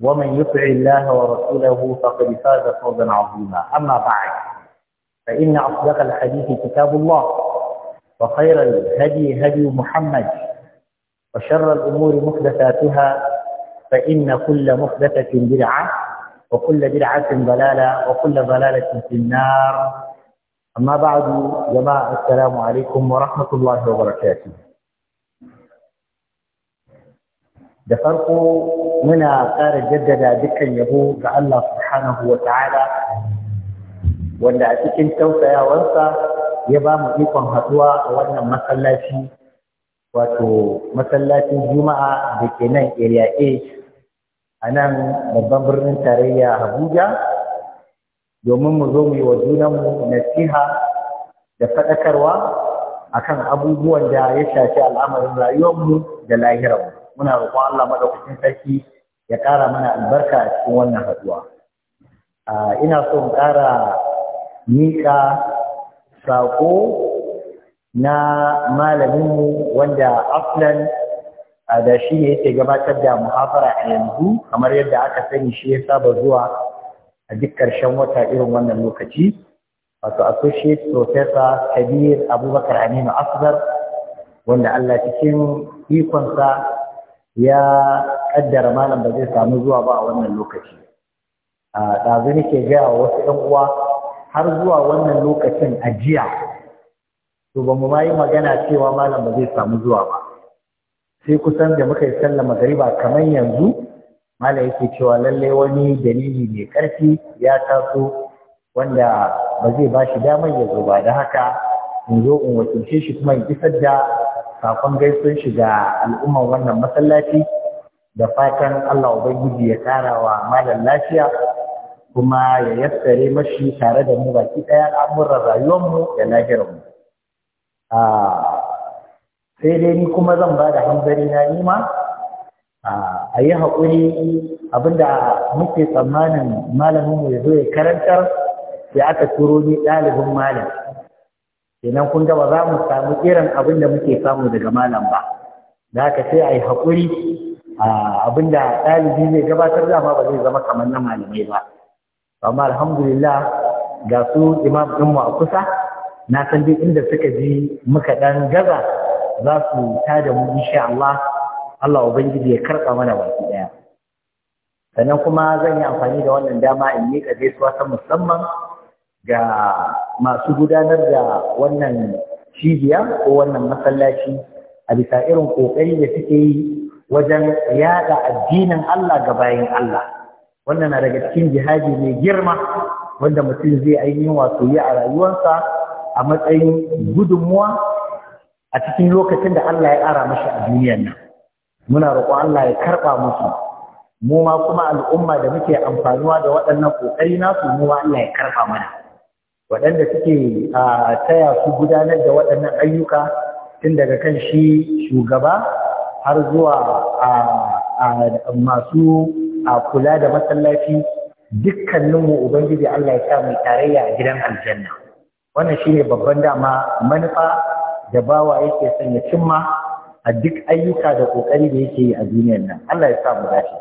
ومن يطع الله ورسوله فقد فاز فوزا عظيما أما بعد فإن أصدق الحديث كتاب الله وخير الهدي هدي محمد وشر الأمور محدثاتها فإن كل محدثة بدعة وكل بدعة ضلالة وكل ضلالة في النار أما بعد جماعة السلام عليكم ورحمة الله وبركاته da farko muna ƙara jaddada dukkan yabo ga Allah subhanahu wa ta'ala wanda a cikin tausayawarsa ya ba mu ikon haɗuwa a wannan masallaci wato masallacin juma'a da ke nan area A a nan babban birnin tarayya Abuja domin mu zo mu yi wa junanmu nasiha da faɗakarwa akan abubuwan da ya shafi al'amarin rayuwarmu da lahirarmu. muna roƙon Allah madaukakin sarki ya ƙara mana albarka a cikin wannan haɗuwa ina so in ƙara miƙa saƙo na malaminmu wanda aflan da shi ne yake gabatar da muhafara a yanzu kamar yadda aka sani shi ya saba zuwa a duk ƙarshen wata irin wannan lokaci wato associate professor kabir abubakar aminu asgar wanda allah cikin ikonsa ya kaddara malam ba zai samu zuwa ba a wannan lokaci a ɗazu nake gaya wa wasu ɗan uwa har zuwa wannan lokacin a jiya to ba mu ma yi magana cewa malam ba zai samu zuwa ba sai kusan da muka yi sallah magariba kamar yanzu malam yake cewa lalle wani dalili mai ƙarfi ya taso wanda ba zai ba shi damar ya zo ba da haka in zo in wakilce shi kuma in isar da sakon gaisuwar shiga al'ummar wannan masallaci da fatan Allah Ubangiji ya kara wa malam lafiya kuma ya yassare mashi tare da mu baki ɗaya rayuwar mu da lahirarmu. Sai dai ni kuma zan ba da hanzari na nima a yi haƙuri abinda muke tsammanin malaminmu ya zo ya karantar sai aka turo ni ɗalibin malam. kenan kun ga ba za mu samu irin abin da muke samu daga malam ba da haka sai a yi haƙuri abin da ɗalibi zai gabatar da, dama ba zai zama kamar na malamai ba amma alhamdulillah ga su imam mu a kusa na san duk inda suka ji muka ɗan gaza za su da mu insha Allah Allah ubangiji ya karɓa mana baki ɗaya sannan kuma zan yi amfani da wannan dama in miƙa gaisuwa ta musamman ga masu gudanar da wannan cibiya ko wannan masallaci a bisa irin ƙoƙari da suke yi wajen yada addinin Allah ga bayan Allah wannan na daga cikin jihadi mai girma wanda mutum zai ainihin wato yi a rayuwarsa a matsayin gudunmuwa a cikin lokacin da Allah ya ara mashi a duniyar nan muna roƙon Allah ya karɓa musu mu ma kuma al'umma da muke amfanuwa da waɗannan ƙoƙari nasu mu ma Allah ya karɓa mana waɗanda suke a taya su gudanar da waɗannan ayyuka tun daga kan shi shugaba har zuwa a masu a kula da masallaci dukkaninmu ubangiji Allah ya sa mai tarayya a gidan aljanna wannan shine babban dama manufa da bawa yake son ya cimma a duk ayyuka da ƙoƙari da yake yi a duniyar nan Allah ya sa mu dace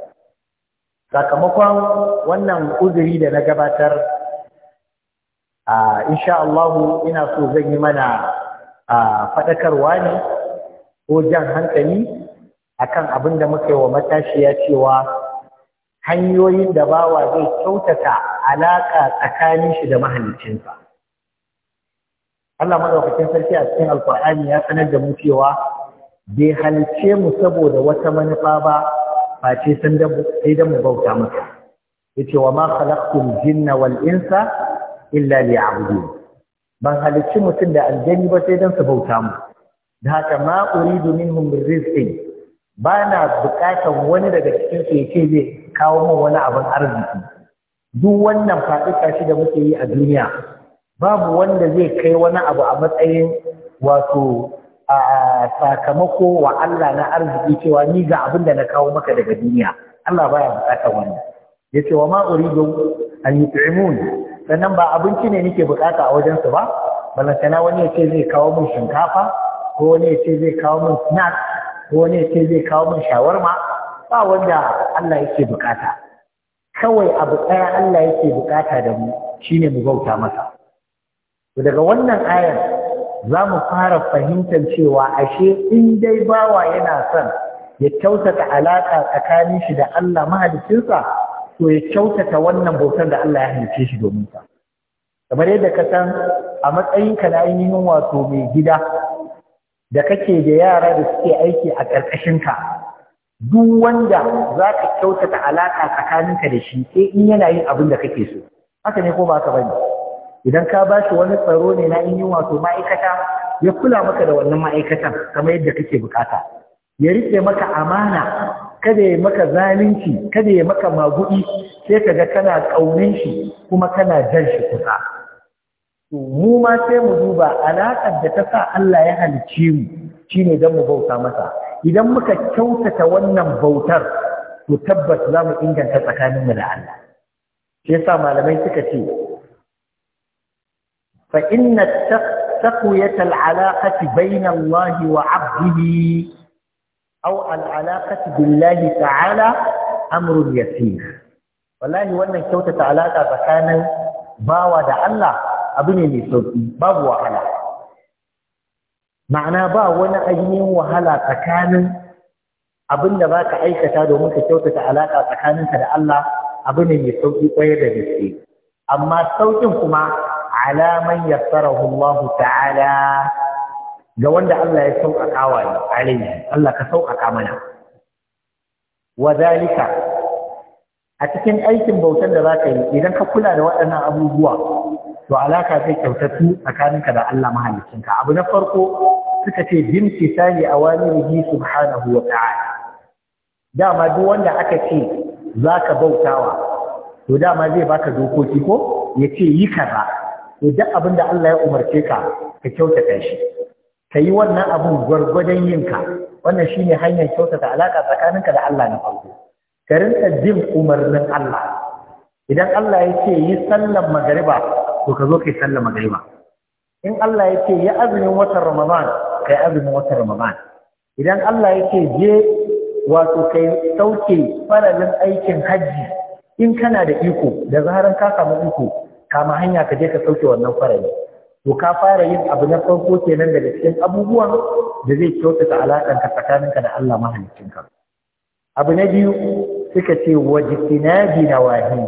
sakamakon wannan uzuri da na gabatar a insha Allah ina so zan yi mana a ne ko jan hankali akan abin da muka yi wa matashiya cewa hanyoyin da bawa zai kyautata alaƙa tsakanin shi da mahallicinsa Allah maɗaukacin sarki a cikin alkur'ani ya sanar da mu cewa bai halice mu saboda wata manufa ba ba ce sai dan mu bauta masa yace wa ma khalaqtul jinna wal insa illa liya'budun ban halicci mutum da aljani ba sai don su bauta mu da haka ma uridu minhum min ba na bukatan wani daga cikin su yace zai kawo min wani abin arziki duk wannan faɗi shi da muke yi a duniya babu wanda zai kai wani abu a matsayin wato a sakamako wa Allah na arziki cewa ni ga abin da na kawo maka daga duniya Allah baya bukatan wannan yace wa ma uridu an yut'imun sannan ba abinci ne nake bukata a wajensu ba balantana wani ya ce zai kawo min shinkafa ko wani ya ce zai kawo min snack ko wani ya ce zai kawo min shawarma ba wanda Allah yake bukata kawai abu ɗaya Allah yake bukata da mu shine mu bauta masa to daga wannan ayar za mu fara fahimtar cewa ashe in dai bawa yana son ya tausata alaƙa tsakanin shi da Allah mahalicinsa to ya kyautata wannan bautar da Allah ya halice shi domin ta kamar yadda ka san a matsayinka na ainihin wato mai gida da kake da yara da suke aiki a ƙarƙashin ka, duk wanda za ka kyautata alaƙa tsakaninka da shi sai in yana yin abin da kake so haka ne ko ba ka bane idan ka ba shi wani tsaro ne na ainihin wato ma'aikata ya kula maka da wannan ma'aikatan kamar yadda kake bukata ya riƙe maka amana kada ya maka zalunci kada ya maka magudi sai ka ga kana kaunin shi kuma kana jan shi kusa to mu ma sai mu duba alaƙar da ta sa Allah ya halice mu shine dan mu bauta masa idan muka kyautata wannan bautar to tabbas za mu inganta tsakanin mu da Allah sai sa malamai suka ce fa inna taqwiyatal alaqati bayna Allah wa 'abdihi aw al'alaqati billahi ta'ala amrun yasir wallahi wannan kyautata alaƙa tsakanin bawa da Allah abu ne mai sauki babu wahala ma'ana ba wani ainihin wahala tsakanin abin da ba aikata domin ka kyautata alaƙa tsakaninka da Allah abu ne mai sauƙi ƙwayar da gaske amma sauƙin kuma alaman yassarahu Allah ta'ala ga wanda Allah ya sauƙaƙa wa ne Allah ka sauƙaƙa mana wa zalika a cikin aikin bautar da za ka yi idan ka kula da waɗannan abubuwa to alaka zai kyautatu tsakaninka da Allah mahaliccinka abu na farko suka ce jin tisani awamirihi subhanahu wa ta'ala dama duk wanda aka ce zaka bautawa to dama zai baka dokoki ko yace yi kaza to duk abin da Allah ya umarce ka ka kyautata shi ka yi wannan abun gwargwadon yinka wannan shi ne hanyar kyautata alaƙa tsakaninka da Allah na farko ka rinka jin umarnin Allah idan Allah ya ce yi sallan magariba to ka zo ka yi sallan magariba in Allah ya ce yi azumin watan Ramadan yi azumin watan Ramadan idan Allah ya ce je wato yi sauke faralin aikin hajji in kana da iko da zaran ka samu iko kama hanya ka je ka sauke wannan faralin to ka fara yin abu na farko kenan daga cikin abubuwan da zai kyautata alaƙanka tsakaninka da Allah mahaliccinka abu na biyu suka ce wajitinabi na wahi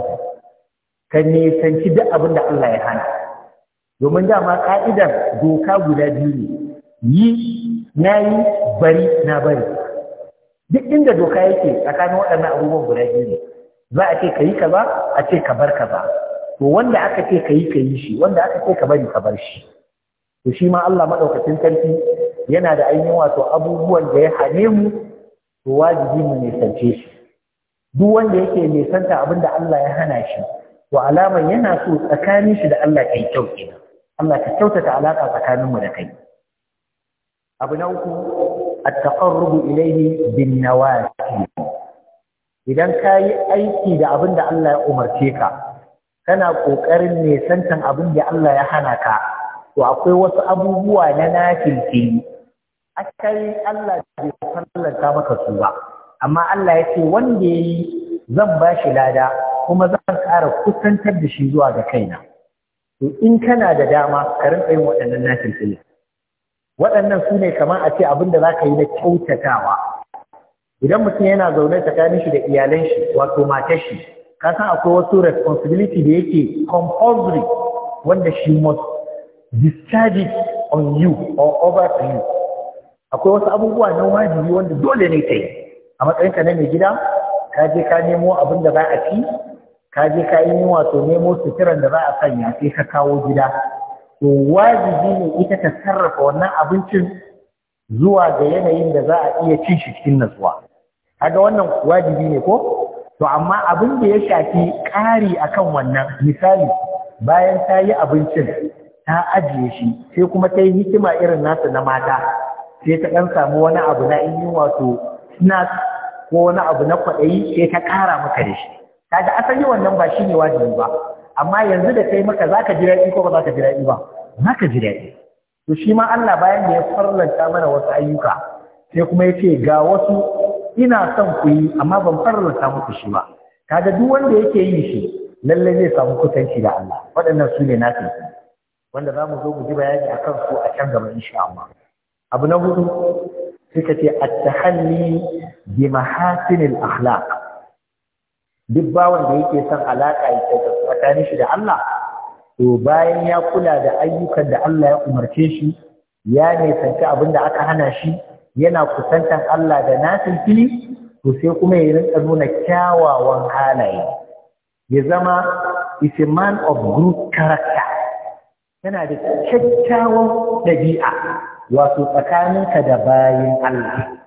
ka nisanci duk abin da Allah ya hana domin dama ka'idar doka guda biyu ne yi na yi bari na bari duk inda doka yake tsakanin waɗannan abubuwan guda biyu ne za a ce ka yi kaza a ce ka bar kaza to wanda aka ce ka yi ka yi shi wanda aka ce ka bari ka bar shi to shi ma Allah madaukakin sarki yana da ainihin wato abubuwan da ya hane mu to wajibi mu nisance shi duk wanda yake nisanta abin da Allah ya hana shi to alaman yana so tsakanin shi da Allah kai kyau kenan Allah ka kyautata alaka tsakanin mu da kai abu na uku at-taqarrubu ilayhi bin nawafi idan kayi aiki da abin da Allah ya umarce ka kana ƙoƙarin nesantan abin da Allah ya hana ka to akwai wasu abubuwa na nafilfili akai Allah bai sallanta maka su ba amma Allah ya ce wanda ya yi zan ba shi lada kuma zan ƙara kusantar da shi zuwa ga kaina to in kana da dama ka rinƙa yin waɗannan nafilfili waɗannan su ne kamar a ce abin da za ka yi na kyautatawa idan mutum yana zaune tsakanin shi da iyalan shi wato matar shi kasan akwai wasu responsibility da yake compulsory wanda she must discharge it on you or over to you akwai wasu abubuwa na wajibi wanda dole ne ta yi a matsayinka na mai gida ka je ka nemo abin da za a ci ka je ka yi wato nemo suturan da za a sanya sai ka kawo gida to wajibi ne ita ta sarrafa wannan abincin zuwa ga yanayin da za a iya cin shi cikin natsuwa kaga wannan wajibi ne ko to amma abin da ya shafi ƙari akan wannan misali bayan ta yi abincin ta ajiye shi sai kuma ta yi hikima irin nasu na mata sai ta ɗan samu wani abu na wato snack ko wani abu na kwaɗayi sai ta ƙara maka da shi kaga asali wannan ba shi ne wajibi ba amma yanzu da ta yi maka ka ji daɗi ko ba ka ji daɗi ba ka ji daɗi to shi ma Allah bayan da ya farlanta mana wasu ayyuka sai kuma yace ga wasu ina son ku yi amma ban farlata muku shi ba kaga duk wanda yake yi shi lalle zai samu kusanci da Allah waɗannan su ne nafi wanda za mu zo mu ji bayani a kan su a can gaba insha Allah abu na hudu suka ce at-tahalli bi mahasinil akhlaq duk bawon da yake son alaka yake tsakanin shi da Allah to bayan ya kula da ayyukan da Allah ya umarce shi ya nisanci abin da aka hana shi yana kusantan Allah da nasin fili to sai kuma ya rinka nuna kyawawan halaye ya zama is a man of good character yana da kyakkyawan dabi'a wato tsakaninka da bayan Allah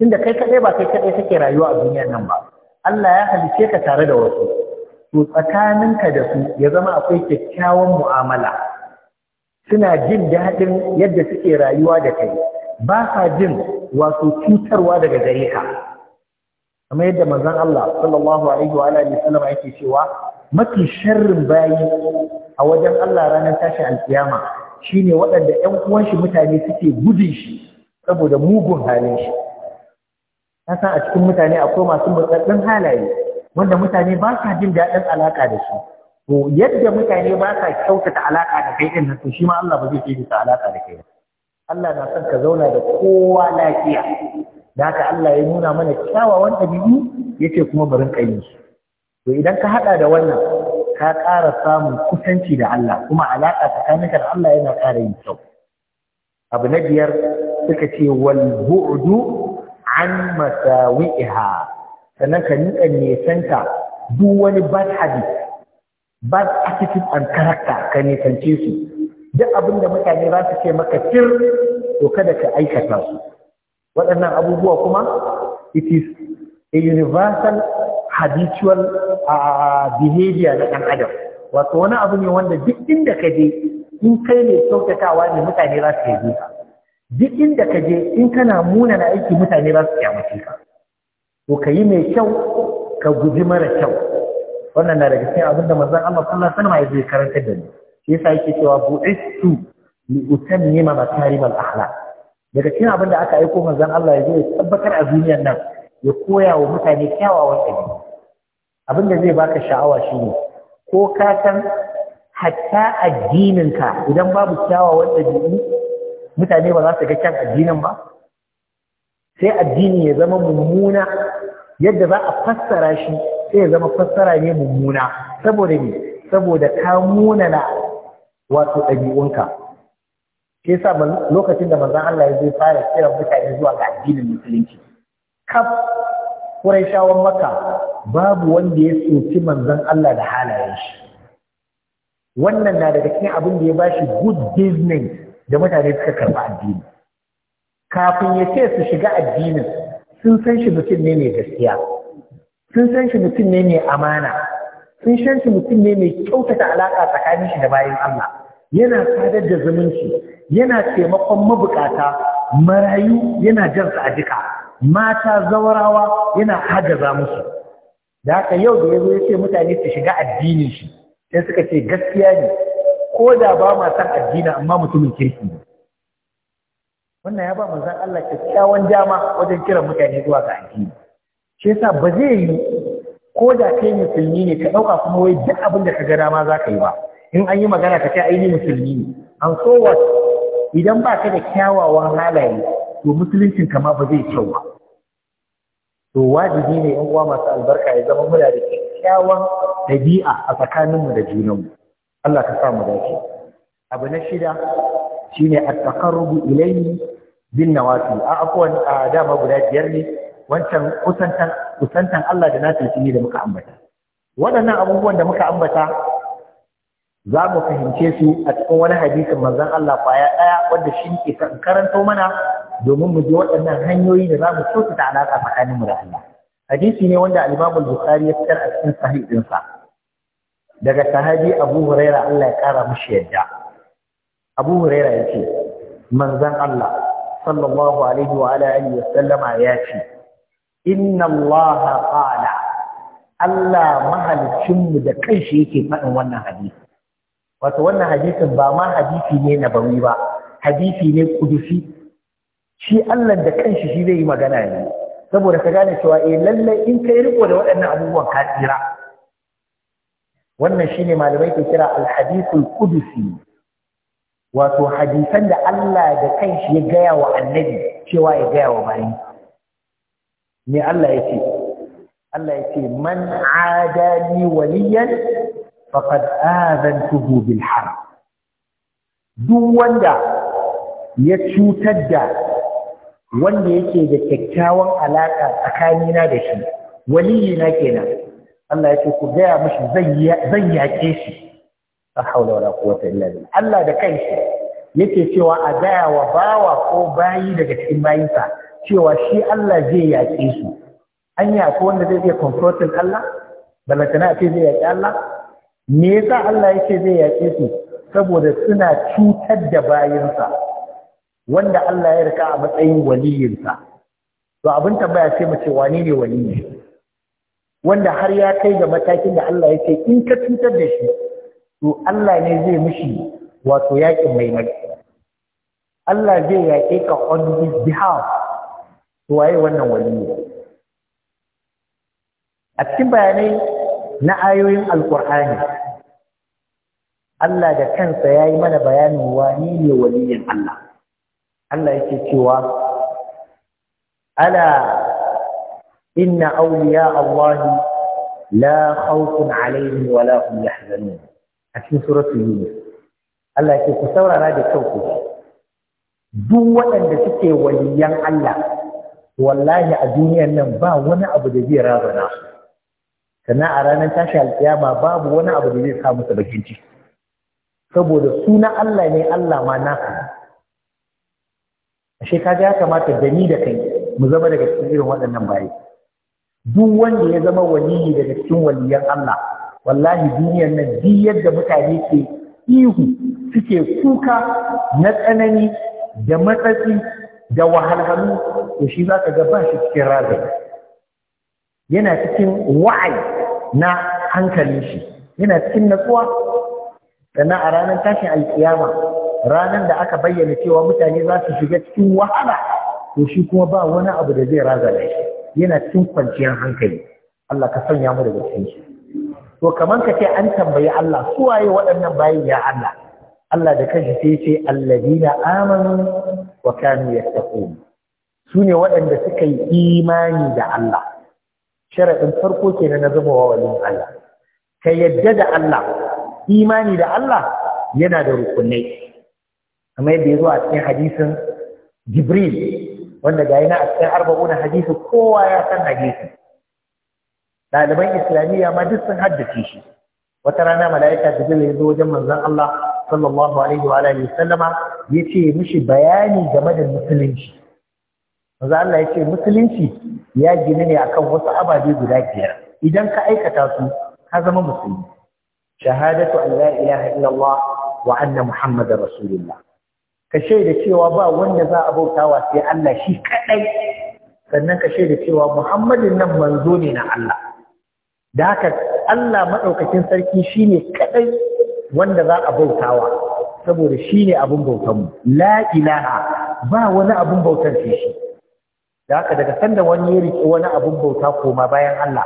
tunda kai kadai ba kai kadai kake rayuwa a duniyar nan ba Allah ya halice ka tare da wasu to tsakaninka da su ya zama akwai kyakkyawan mu'amala suna jin daɗin yadda suke rayuwa da kai ba sa jin wato cutarwa daga gare ka kamar yadda manzon Allah sallallahu alaihi wa alihi wasallam yake cewa mafi sharrin bayi a wajen Allah ranar tashin alkiyama shine waɗanda ƴan uwan shi mutane suke gudun shi saboda mugun halin shi ka san a cikin mutane akwai masu mutsaddin halaye wanda mutane ba sa jin daɗin alaka da su to yadda mutane ba sa kyautata alaka da kai din nan to shi ma Allah ba zai kyautata alaka da kai ba Allah na son ka zauna da kowa lafiya da haka Allah ya nuna mana kyawawan ɗabi'u yace kuma barin ƙayi to idan ka haɗa da wannan ka ƙara samun kusanci da Allah kuma alaƙa tsakaninka da Allah yana ƙara yin kyau abu na biyar suka ce wal bu'du an masawi'iha sannan ka nika nesanta duk wani bad habit bad attitude and character ka nisance su duk abin da mutane za su ce maka kir, to kada ka aikata su waɗannan abubuwa kuma it is a universal habitual behavior na ɗan adam wato wani abu ne wanda duk inda ka je in kai ne kyautatawa ne mutane za su yi ka duk inda ka je in kana na aiki mutane za su kyamace ka to ka yi mai kyau ka guji mara kyau wannan na daga cikin abin da manzon Allah sallallahu alaihi wasallam ya karanta da ni shi yasa yake cewa bu'istu li utammima makarim al-akhlaq daga cikin abin da aka aiko manzon Allah ya zo ya tabbatar a duniyar nan ya koya wa mutane kyawawan ɗabi'u abin da zai baka sha'awa shine ko ka san hatta addininka idan babu kyawawan ɗabi'u mutane ba za su ga kyan addinin ba sai addini ya zama mummuna yadda za a fassara shi sai ya zama fassara ne mummuna saboda ne saboda ka munana wato ɗabi'unka shi sa lokacin da manzan Allah ya zai fara kira mutane zuwa ga addinin musulunci kaf Qurayshawan maka, babu wanda ya soki manzan Allah da halayen shi wannan na daga cikin abin da ya bashi good business da mutane suka karɓi addini kafin ya ce su shiga addinin sun san shi mutum ne mai gaskiya sun san shi mutum ne mai amana sun shan mutum ne mai kyautata alaƙa tsakanin shi da bayan Allah yana sadar da zumunci yana taimakon mabukata marayu yana jan su a jika mata zawarawa yana hagaza musu da haka yau da yazo ya mutane su shiga addinin shi sai suka ce gaskiya ne ko da ba ma san addini amma mutumin kirki ne wannan ya ba manzon Allah kyakkyawan dama wajen kiran mutane zuwa ga addini shi yasa ba zai yi ko da kai musulmi ne ka ɗauka kuma wai duk abin da ka ga dama za ka yi ba in an yi magana ka kai, aini musulmi ne an so what idan ba ka da kyawawan halaye to musuluncin kama ba zai kyau ba to wajibi ne yan uwa masu albarka ya zama muna da kyakkyawan ɗabi'a a tsakaninmu da junanmu Allah ka sa mu dace abu na shida shine at-taqarrubu ilayhi bin nawafil a afwan a dama guda biyar ne wancan kusantan kusantan Allah da nafilci ne da muka ambata waɗannan abubuwan da muka ambata za mu fahimce su a cikin wani hadisin manzon Allah kwaya ɗaya wanda shi ke karanto mana domin mu ji waɗannan hanyoyi da za mu kyautata alaƙa tsakanin mu da Allah hadisi ne wanda al-Imam al-Bukhari ya fitar a cikin sahih ɗinsa daga sahabi Abu Huraira Allah ya kara mishi yadda Abu Huraira ya ce manzon Allah sallallahu alaihi wa alihi wa sallama ya ce inna allaha qala Allah mahalicin mu da kanshi yake faɗin wannan hadisi wato wannan hadisin ba ma hadisi ne na bawi ba hadisi ne kudusi shi Allah da kanshi shi zai yi magana ne saboda ka gane cewa eh lalle in kai riko da waɗannan abubuwan ka tsira wannan shine malamai ke kira al kudusi wato hadisan da Allah da kanshi ya gaya wa annabi cewa ya gaya wa bayi me Allah ya ce Allah ya ce man adani waliyan faqad azantuhu bil harb duk wanda ya cutar da wanda yake da kyakkyawan alaka tsakanina da shi waliyina kenan Allah ya ce ku gaya mashi zan yaƙe shi a haula wala quwwata illa billah Allah da kanshi yake cewa a gaya wa bawa ko bayi daga cikin bayinsa cewa shi Allah zai yaƙe su an yaƙo wanda zai iya confrontin Allah da a ce zai yaƙe Allah me yasa Allah yake zai yaƙe su saboda suna cutar da bayansa wanda Allah ya rika a matsayin waliyinsa to abin tambaya sai mu ce wane ne waliyi wanda har ya kai ga matakin da Allah ya in ka cutar da shi to Allah ne zai mishi wato yaƙin mai Allah zai yaƙe ka on his behalf waye wannan waliyi a cikin bayanai na ayoyin alkur'ani Allah da kansa ya yi mana bayanin wani ne waliyin Allah Allah yake cewa ala inna awliya Allah la khawfun alaihim wa la hum yahzanun a cikin suratul yunus Allah yake ku saurara da kyau ku duk waɗanda suke waliyan Allah wallahi a duniyar nan ba wani abu da zai razana su sannan a ranar tashi alkiyama babu wani abu da zai sa musu bakin ciki saboda suna Allah ne Allah ma naka ashe kaga ya kamata da ni da kai mu zama daga cikin irin waɗannan bayi duk wanda ya zama waliyi daga cikin waliyan Allah wallahi duniyar nan duk yadda mutane ke ihu suke kuka na tsanani da matsatsi da wahalhalu to shi za ka ga ba shi cikin razai yana cikin wa'ai na hankalin shi yana cikin natsuwa sannan a ranar tashin alkiyama ranar da aka bayyana cewa mutane za su shiga cikin wahala to shi kuma ba wani abu da zai razana shi yana cikin kwanciyar hankali Allah ka sanya mu daga cikin shi to kamar ka ce an tambayi Allah su waye waɗannan bayin ya Allah Allah da kanshi sai ce alladina amanu wa kanu yattaqun su ne waɗanda suka yi imani da Allah sharaɗin farko kenan na zama wa walin Allah ka yadda da Allah imani da Allah yana da rukunai kamar yadda ya zo a cikin hadisin Jibril wanda ga yana a cikin arba'una hadisi kowa ya san hadisi ɗaliban islamiyya ma duk sun haddace shi wata rana mala'ika Jibril ya zo wajen manzon Allah sallallahu alaihi wa alihi sallama yace mishi bayani game da musulunci manzo Allah yace musulunci ya gina ne akan wasu ababe guda biyar idan ka aikata su ka zama musulmi shahadatu an la ilaha illallah wa anna muhammadar rasulullah ka shaida cewa ba wanda za a bautawa sai Allah shi kadai sannan ka shaida cewa muhammadin nan manzo ne na Allah da haka Allah maɗaukakin sarki shine kadai wanda za a bautawa saboda shi ne abin bautanmu la ilaha ba wani abin bautar shi da haka daga sanda wani ya riƙe wani abin bauta koma bayan Allah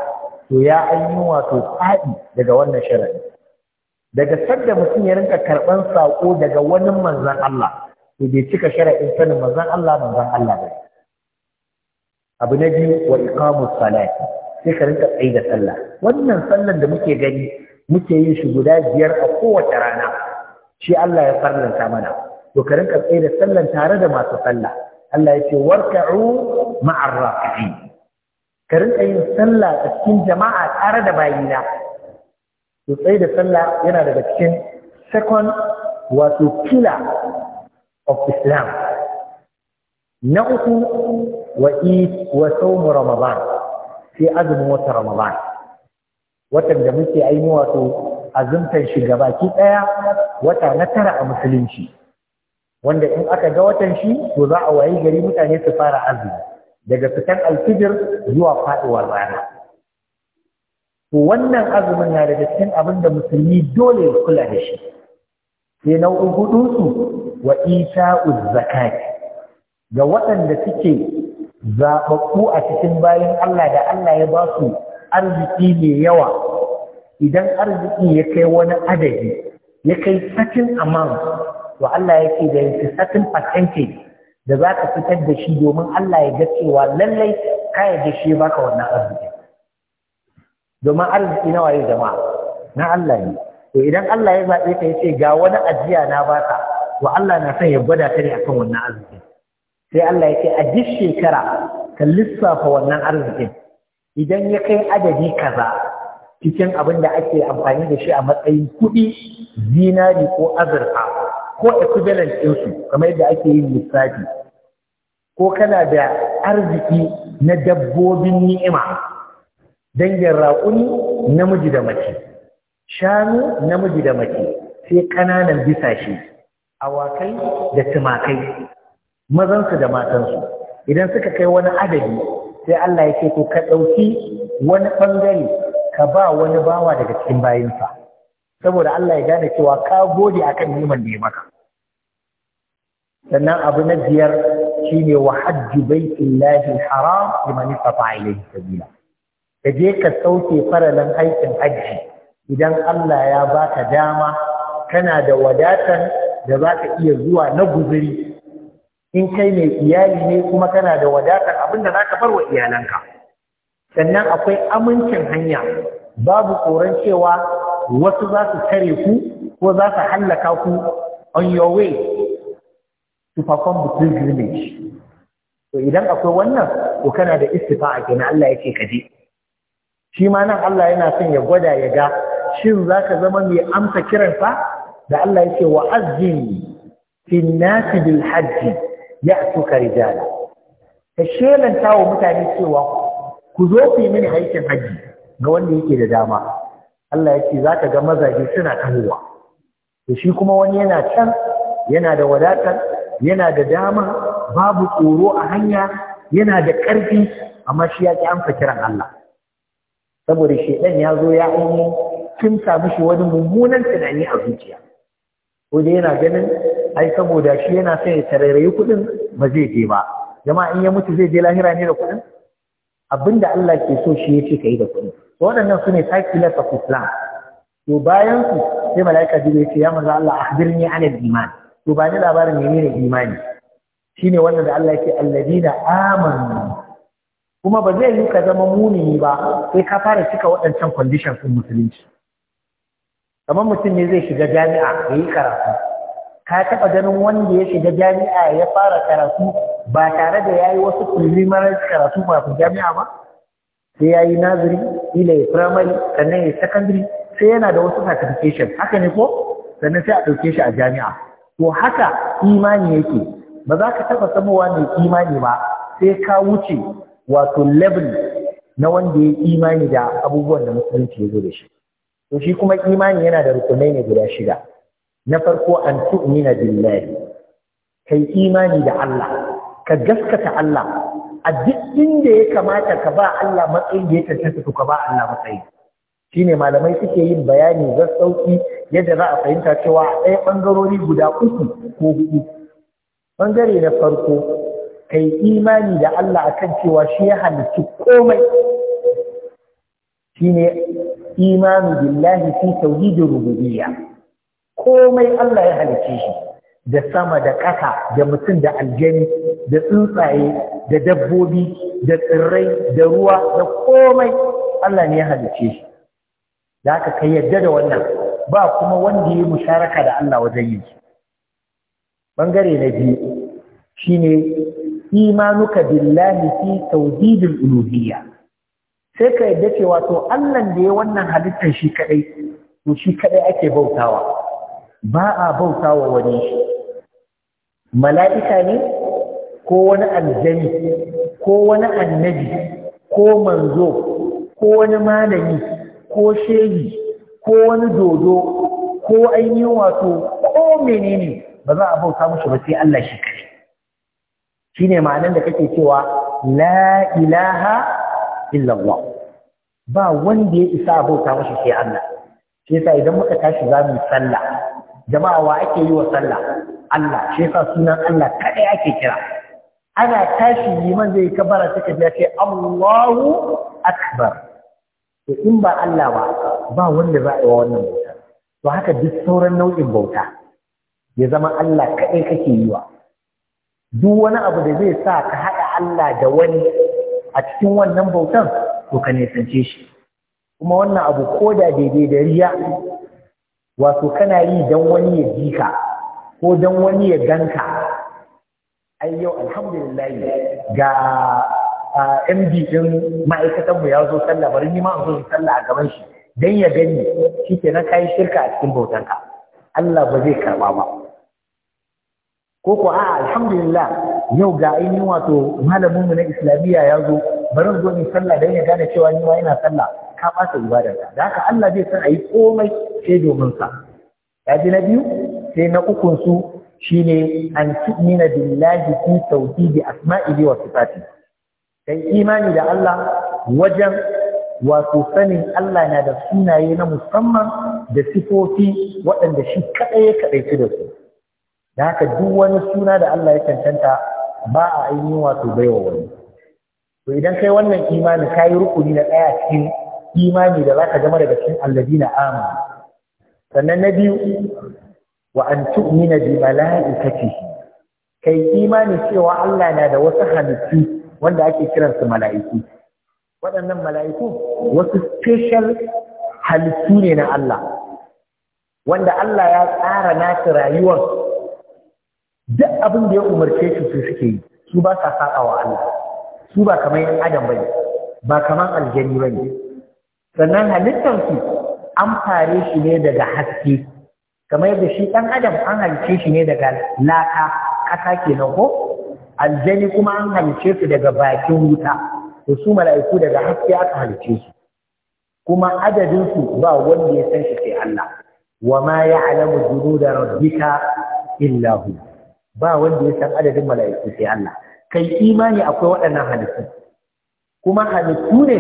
to ya an yi wato faɗi daga wannan sharadi daga sanda mutum ya rinka karɓan saƙo daga wani manzan Allah to bai cika sharaɗin sanin manzan Allah manzan Allah ba abu na biyu wa iqamus salati sai ka rinka tsayi da sallah wannan sallan da muke gani muke yin shi guda biyar a kowace rana shi Allah ya farlanta mana to ka rinka tsaye sallan tare da masu sallah Allah ya ce warka'u ma'ar rafi'i ka rinka yin sallah a cikin jama'a tare da bayina to tsaye da sallah yana daga cikin second wato killer of Islam na uku wa wa ramadan sai azumin wata ramadan watan da muke aini wato azumtar shi gabaki ɗaya wata na tara a musulunci wanda in aka ga watan shi to za a wayi gari mutane su fara azumi daga fitan alfijir zuwa faɗuwar rana to wannan azumin na daga cikin abin da musulmi dole ya kula da shi sai nau'in hudunsu wa ita'uz zakati ga waɗanda suke zaɓaɓɓu a cikin bayan Allah da Allah ya ba su arziki mai yawa idan arziki ya kai wani adadi ya kai certain amount to Allah yake da yake certain percentage da za ka fitar da shi domin Allah ya ga cewa lallai kaya da shi baka wannan arziki domin arziki nawa ya jama'a na Allah ne to idan Allah ya zaɓe ka yace ga wani ajiya na baka to Allah na son ya gwada ta ne akan wannan arziki sai Allah ya ce a duk shekara ka lissafa wannan arzikin idan ya kai adadi kaza cikin abin da ake amfani da shi a matsayin kuɗi zinari ko azurfa ko equivalent ɗinsu kamar yadda ake yin lissafi ko kana da arziki na dabbobin ni'ima dangin raƙuni namiji da mace shanu namiji da mace sai ƙananan bisashe awakai da tumakai mazansu da matansu idan suka kai wani adadi sai Allah ya ce ko ka ɗauki wani ɓangare ka ba wani bawa daga cikin bayansa saboda Allah ya gane cewa ka gode akan neman da ya maka sannan abu na biyar shine wa hajju baitillahi haram liman istata ilayhi sabila ka je ka sauke faralan aikin hajji idan Allah ya baka dama kana da wadatan da za ka iya zuwa na guzuri in kai mai iyali ne kuma kana da wadatar abin da zaka bar wa iyalanka sannan akwai amincin hanya babu tsoron cewa wasu za su tare ku ko za su hallaka ku on your way to perform the pilgrimage to idan akwai wannan to kana da a kenan Allah yake ka je shi ma nan Allah yana son ya gwada ya ga shin zaka zama mai amsa kiransa da Allah yake wa azzin fi nasi bil hajji ya suka rijala ta shelanta wa mutane cewa ku zo ku yi mini aikin hajji ga wanda yake da dama Allah ya ce za ka ga mazaje suna tahowa da shi kuma wani yana can yana da wadatar yana da dama babu tsoro a hanya yana da ƙarfi amma shi ya ƙi amsa kiran Allah saboda shedan ya zo ya ainihin kimsa mishi wani mummunan tunani a zuciya ko yana ganin ai saboda shi yana son ya tarairayi kuɗin ba zai je ba jama'a in ya mutu zai je lahira ne da kuɗin abinda Allah ke so shi yace kai da kuɗin to waɗannan sune cycles of Islam to bayan su sai malaika jibril ya ce ya manzo Allah akhbirni anil iman to ba ni labarin menene imani shine wanda da Allah yake alladina amanu kuma ba zai yi ka zama munini ba sai ka fara cika waɗancan conditions din musulunci kamar mutum ne zai shiga jami'a ya karatu ka taɓa ganin wanda ya shiga jami'a ya fara karatu ba tare da ya yi wasu primary karatu kafin jami'a ba sai ya yi naziri ila ya primary sannan ya secondary sai yana da wasu certification haka ne ko sannan sai a ɗauke shi a jami'a to haka imani yake ba za ka taɓa samowa mai imani ba sai ka wuce wato level na wanda ya imani da abubuwan da musulunci ya zo da shi to shi kuma imani yana da rukunai ne guda shida na farko an tu'mina billahi kai imani da Allah ka gaskata Allah a duk inda ya kamata ka ba Allah matsayin da ya tantance ka ba Allah matsayi shine malamai suke yin bayani ga sauki yadda za a fahimta cewa a ɗaya ɓangarori guda uku ko huɗu ɓangare na farko kai imani da Allah akan cewa shi ya halitta komai shine imanu billahi fi tauhidir rububiyya komai Allah ya halicce shi da sama da ƙasa da mutum da aljani da tsuntsaye da dabbobi da tsirrai da ruwa da komai Allah ne ya halicce shi da haka ka yadda da wannan ba kuma wanda ya musharaka da Allah wajen yi bangare na biyu shine imanuka billahi fi tawhidil uluhiyya sai ka yadda cewa to Allah da ya wannan halittar shi kadai to shi kadai ake bautawa ba a bauta wa wani mala'ika ne ko wani aljani ko wani annabi ko manzo ko wani malami ko shehi ko wani dodo ko ainihin wato ko menene ba za a bauta mushi ba sai Allah shi kai shine ma'anar da kake cewa la ilaha illallah ba wanda ya isa a bauta mushi sai Allah shi yasa idan muka tashi za mu sallah jama'a wa ake yi wa sallah Allah shi yasa sunan Allah kaɗai ake kira ana tashi liman zai kabara suka ji ce Allahu akbar to in ba Allah ba ba wanda za a yi wa wannan bauta to haka duk sauran nau'in bauta ya zama Allah kaɗai kake yi wa duk wani abu da zai sa ka haɗa Allah da wani a cikin wannan bautan to ka nisance shi kuma wannan abu ko da daidai da riya wato kana yi don wani ya ji ka ko don wani ya ganka ai yau alhamdulillah ga MD din ma'aikatan mu ya zo sallah bari ni ma zo sallah a gaban shi dan ya gani na kai shirka a cikin bautan ka Allah ba zai karba ba ko ko a alhamdulillah yau ga ainihin wato malamin mu na islamiyya ya zo bari zo sallah dan ya gane cewa ni ma ina sallah ka fasa ibada ta da haka Allah zai san ayi komai sai domin sa yaji na biyu sai na ukun su shine an tu'mina billahi fi tawhidi asma'ihi wa sifati kai imani da Allah wajen wato sanin Allah na da sunaye na musamman da sifofi waɗanda shi kaɗai ya kaɗaici da su da haka duk wani suna da Allah ya cancanta ba a ainihin wato baiwa wani to idan kai wannan imani kai rukuni na daya cikin imani da zaka gama daga cikin alladina amanu sannan na biyu wa an tu'mina bi malaikatihi kai imani cewa Allah na da wasu halittu wanda ake kiransu mala'iku waɗannan mala'iku wasu special halittu ne na Allah wanda Allah ya tsara nasu rayuwar duk abin da ya umarce shi su suke yi su ba sa wa Allah su ba kamar yan adam bane ba kamar aljani bane sannan halittar su an fare shi ne daga haske kamar yadda shi ɗan adam an halice shi ne daga laka ƙasa kenan ko aljani kuma an halice su daga bakin wuta to su mala'iku daga haske aka halice su kuma adadin su ba wanda ya san shi sai Allah wa ma ya'lamu junuda rabbika illa hu ba wanda ya san adadin mala'iku sai Allah kai imani akwai waɗannan halittu kuma halittu ne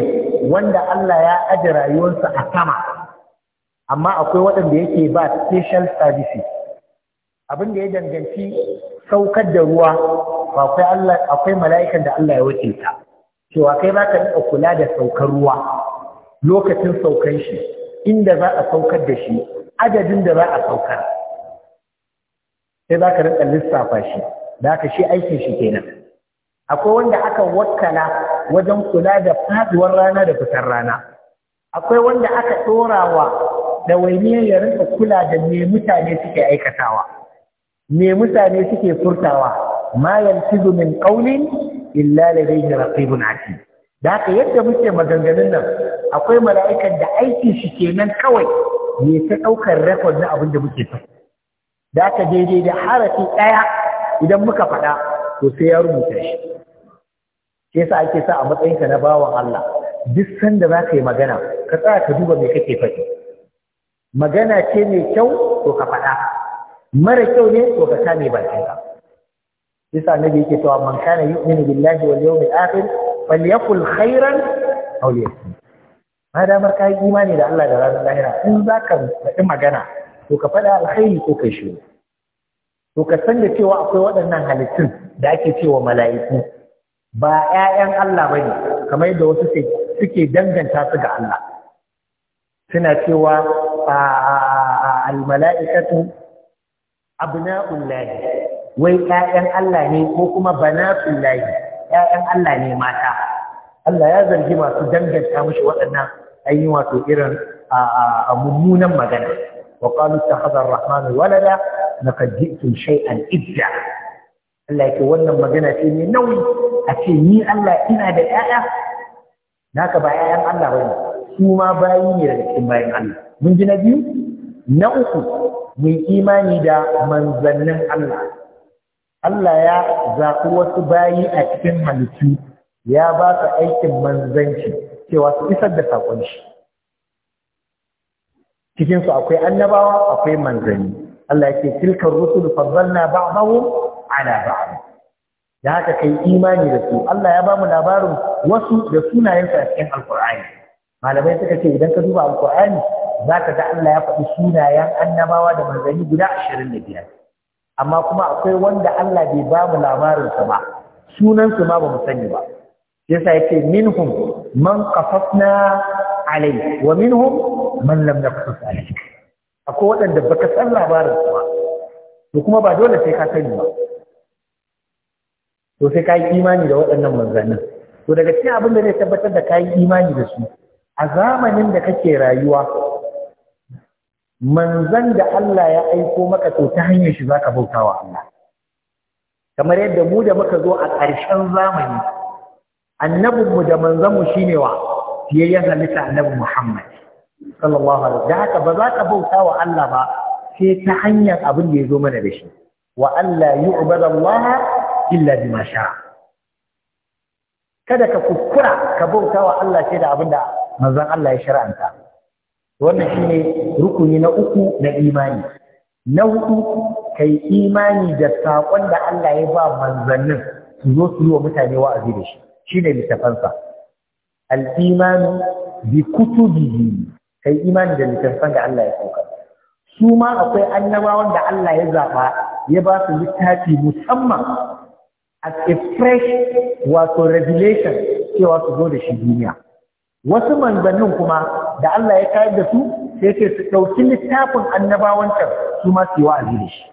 wanda Allah ya aje rayuwarsa a sama amma akwai waɗanda yake ba special services abin da ya danganci saukar da ruwa akwai akwai mala'ikan da Allah ya ta cewa kai ba ka kula da saukar ruwa lokacin saukar shi inda za a saukar da shi adadin da za a saukar sai za ka rinka lissafa shi da haka shi aikin shi kenan akwai wanda aka wakkala wajen kula da faduwar rana da fitar rana akwai wanda aka tsorawa da waini ya rinka kula da me mutane suke aikatawa me mutane suke furtawa ma yalfizu min qawlin illa ladayhi raqibun atid da haka yadda muke maganganun nan akwai mala'ikan da aikin shi kenan kawai ne ta ɗaukar rekod na abin da muke so da haka daidai da harafi ɗaya idan muka faɗa to sai ya rubuta shi shi yasa ake sa a matsayinka na bawan Allah duk sanda za ka yi magana ka tsaya ka duba me kake faɗi magana ce mai kyau to ka faɗa mara kyau ne to ka kame bakinka yasa annabi yake cewa man kana yu'minu billahi wal yawmil akhir falyakul khairan aw ma damar ka yi imani da Allah da ranar lahira in za ka faɗi magana to ka faɗa alkhairi ko kai shiru to ka san da cewa akwai waɗannan halittun da ake cewa mala'iku ba ‘ya'yan Allah ba ne kamar yadda wasu suke danganta su ga Allah suna cewa al-mala'ikatu abna'ul lahi wai ‘ya'yan Allah ne ko kuma banatul lahi ‘ya'yan Allah ne mata Allah ya zargi masu danganta mushi waɗannan yi wato irin a mummunan magana wa qalu ittakhadha rahmanu walada laqad ji'tum shay'an idda Allah ke wannan magana ce mai nauyi a ce ni Allah ina da ƴaƴa naka ba ƴaƴan Allah bane su ma bayi ne daga cikin bayan Allah mun ji na biyu na uku mu imani da manzannin Allah Allah ya zaɓi wasu bayi a cikin halittu ya ba su aikin manzanci cewa su isar da saƙon shi cikinsu akwai annabawa akwai manzanni Allah ce tilkar rusul fadalna ba'dahu ala ba'd da haka kai imani da su Allah ya bamu labarin wasu da sunayen su a cikin alqur'ani malamai suka ce idan ka duba alqur'ani zaka ga Allah ya faɗi sunayen annabawa da manzanni guda 25 amma kuma akwai wanda Allah bai bamu labarin sa ba sunan su ma bamu sani ba yasa yake minhum man qasasna alai wa minhum man lam naqsas alai akwai waɗanda baka san labarin su ba to kuma ba dole sai ka sani ba to sai ka imani da waɗannan manzannin to daga cikin abin da zai tabbatar da ka yi imani da su a zamanin da kake rayuwa manzan da Allah ya aiko maka to ta hanyar shi zaka bauta wa Allah kamar yadda mu da muka zo a ƙarshen zamani annabinmu da manzanmu shine wa fiyayyen halitta annabi Muhammad sallallahu alaihi da haka ba za ka bauta wa Allah ba sai ta hanyar abin da ya zo mana da shi wa Allah yu'badu illa bima sha kada ka kukura ka bauta wa Allah sai da abinda manzon Allah ya shar'anta wannan shine rukuni na uku na imani na hudu kai imani da sakon da Allah ya ba manzannin su zo su yi wa mutane wa'azi da shi shine littafansa al-imanu bi kutubihi kai imani da littafan da Allah ya sauka su ma akwai annabawan da Allah ya zaba ya ba su littafi musamman as a fresh wato revelation cewa su zo da shi duniya wasu manzannin kuma da Allah ya kayar da su sai ce su ɗauki littafin annabawancan su ma su yi wa'azi da shi